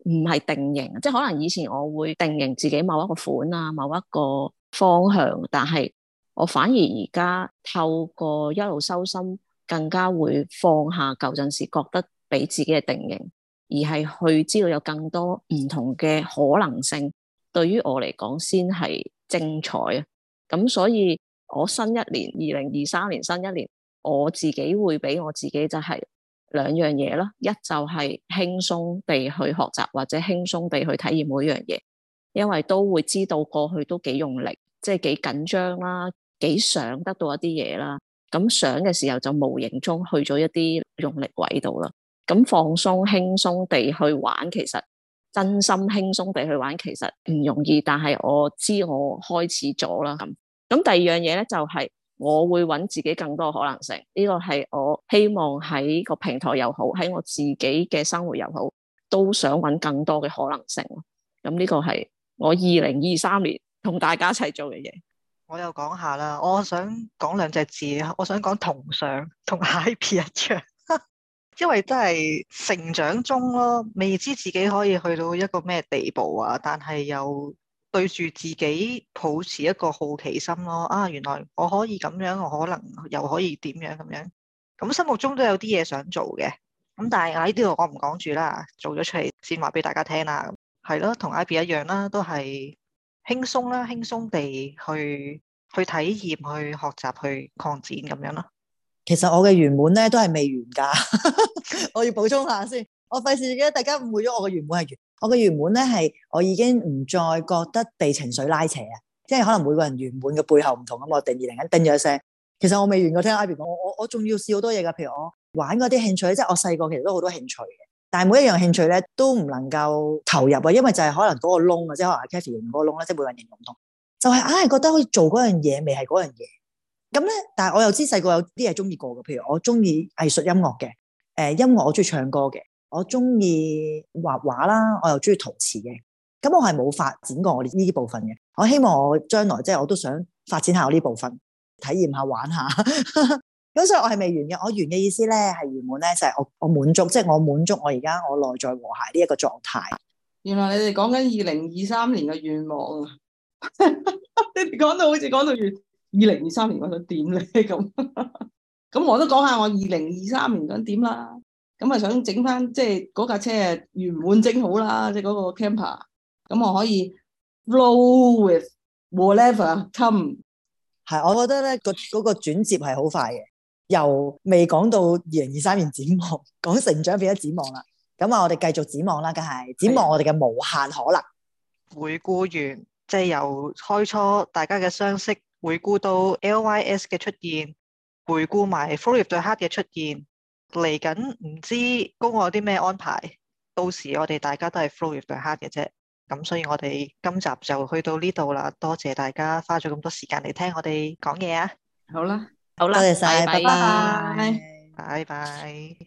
唔係定型。即係可能以前我會定型自己某一個款啊，某一個方向。但係我反而而家透過一路修心，更加會放下舊陣時覺得俾自己嘅定型，而係去知道有更多唔同嘅可能性。對於我嚟講，先係精彩啊。咁所以。我新一年，二零二三年新一年，我自己會俾我自己就係兩樣嘢咯。一就係輕鬆地去學習或者輕鬆地去體驗每一樣嘢，因為都會知道過去都幾用力，即係幾緊張啦，幾想得到一啲嘢啦。咁想嘅時候就無形中去咗一啲用力位度啦。咁放鬆輕鬆地去玩，其實真心輕鬆地去玩其實唔容易，但係我知我開始咗啦咁。咁第二樣嘢咧，就係我會揾自己更多嘅可能性。呢個係我希望喺個平台又好，喺我自己嘅生活又好，都想揾更多嘅可能性咯。咁呢個係我二零二三年同大家一齊做嘅嘢。我又講下啦，我想講兩隻字啊，我想講同上同蟹皮一樣 因為真係成長中咯，未知自己可以去到一個咩地步啊，但係又。對住自己保持一個好奇心咯，啊，原來我可以咁樣，我可能又可以點樣咁樣，咁、嗯、心目中都有啲嘢想做嘅，咁、嗯、但係喺呢度我唔講住啦，做咗出嚟先話俾大家聽啦，係咯，同 Ivy 一樣啦，都係輕鬆啦，輕鬆地去去體驗、去學習、去擴展咁樣咯。其實我嘅原本咧都係未完㗎， 我要補充一下先，我費事而家大家誤會咗我嘅原本係完。我嘅原本咧，係我已經唔再覺得被情緒拉扯啊，即係可能每個人原本嘅背後唔同啊。我第二零一，叮咗一聲，其實我未完過，聽阿 B，我我我仲要試好多嘢噶，譬如我玩嗰啲興趣，即係我細個其實都好多興趣嘅，但係每一樣興趣咧都唔能夠投入啊，因為就係可能嗰個窿啊，即係可能阿 Kathy 形容個窿咧，即係每個人形容唔同，就係硬係覺得可以做嗰樣嘢未係嗰樣嘢。咁咧，但係我又知細個有啲嘢中意過嘅，譬如我中意藝術音樂嘅，誒、呃，音樂我中意唱歌嘅。我中意畫畫啦，我又中意陶瓷嘅，咁我係冇發展過我呢呢部分嘅。我希望我將來即係、就是、我都想發展下我呢部分，體驗下玩下。咁所以我係未完嘅。我完嘅意思咧係圓滿咧，就係、是、我我滿足，即、就、係、是、我滿足我而家我內在和諧呢一個狀態。原來你哋講緊二零二三年嘅願望啊？ 你講到好似講到二二零二三年我想點咧咁？咁 我都講下我二零二三年講點啦。咁啊，想整翻，即係嗰架車圓滿整好啦，即係嗰個 camper。咁我可以 roll with whatever come。係，我覺得咧，嗰個嗰個轉接係好快嘅，由未講到二零二三年展望，講成長變咗展望啦。咁啊，我哋繼續展望啦，梗係展望我哋嘅無限可能。回顧完，即係由開初大家嘅相識，回顧到 LYS 嘅出現，回顧埋 Flow With The Heart 嘅出現。嚟緊唔知公我有啲咩安排，到時我哋大家都係 Flow With The Heart 嘅啫。咁所以我哋今集就去到呢度啦，多謝大家花咗咁多時間嚟聽我哋講嘢啊，好啦，好啦，多謝晒，拜拜，拜拜。Bye bye bye bye。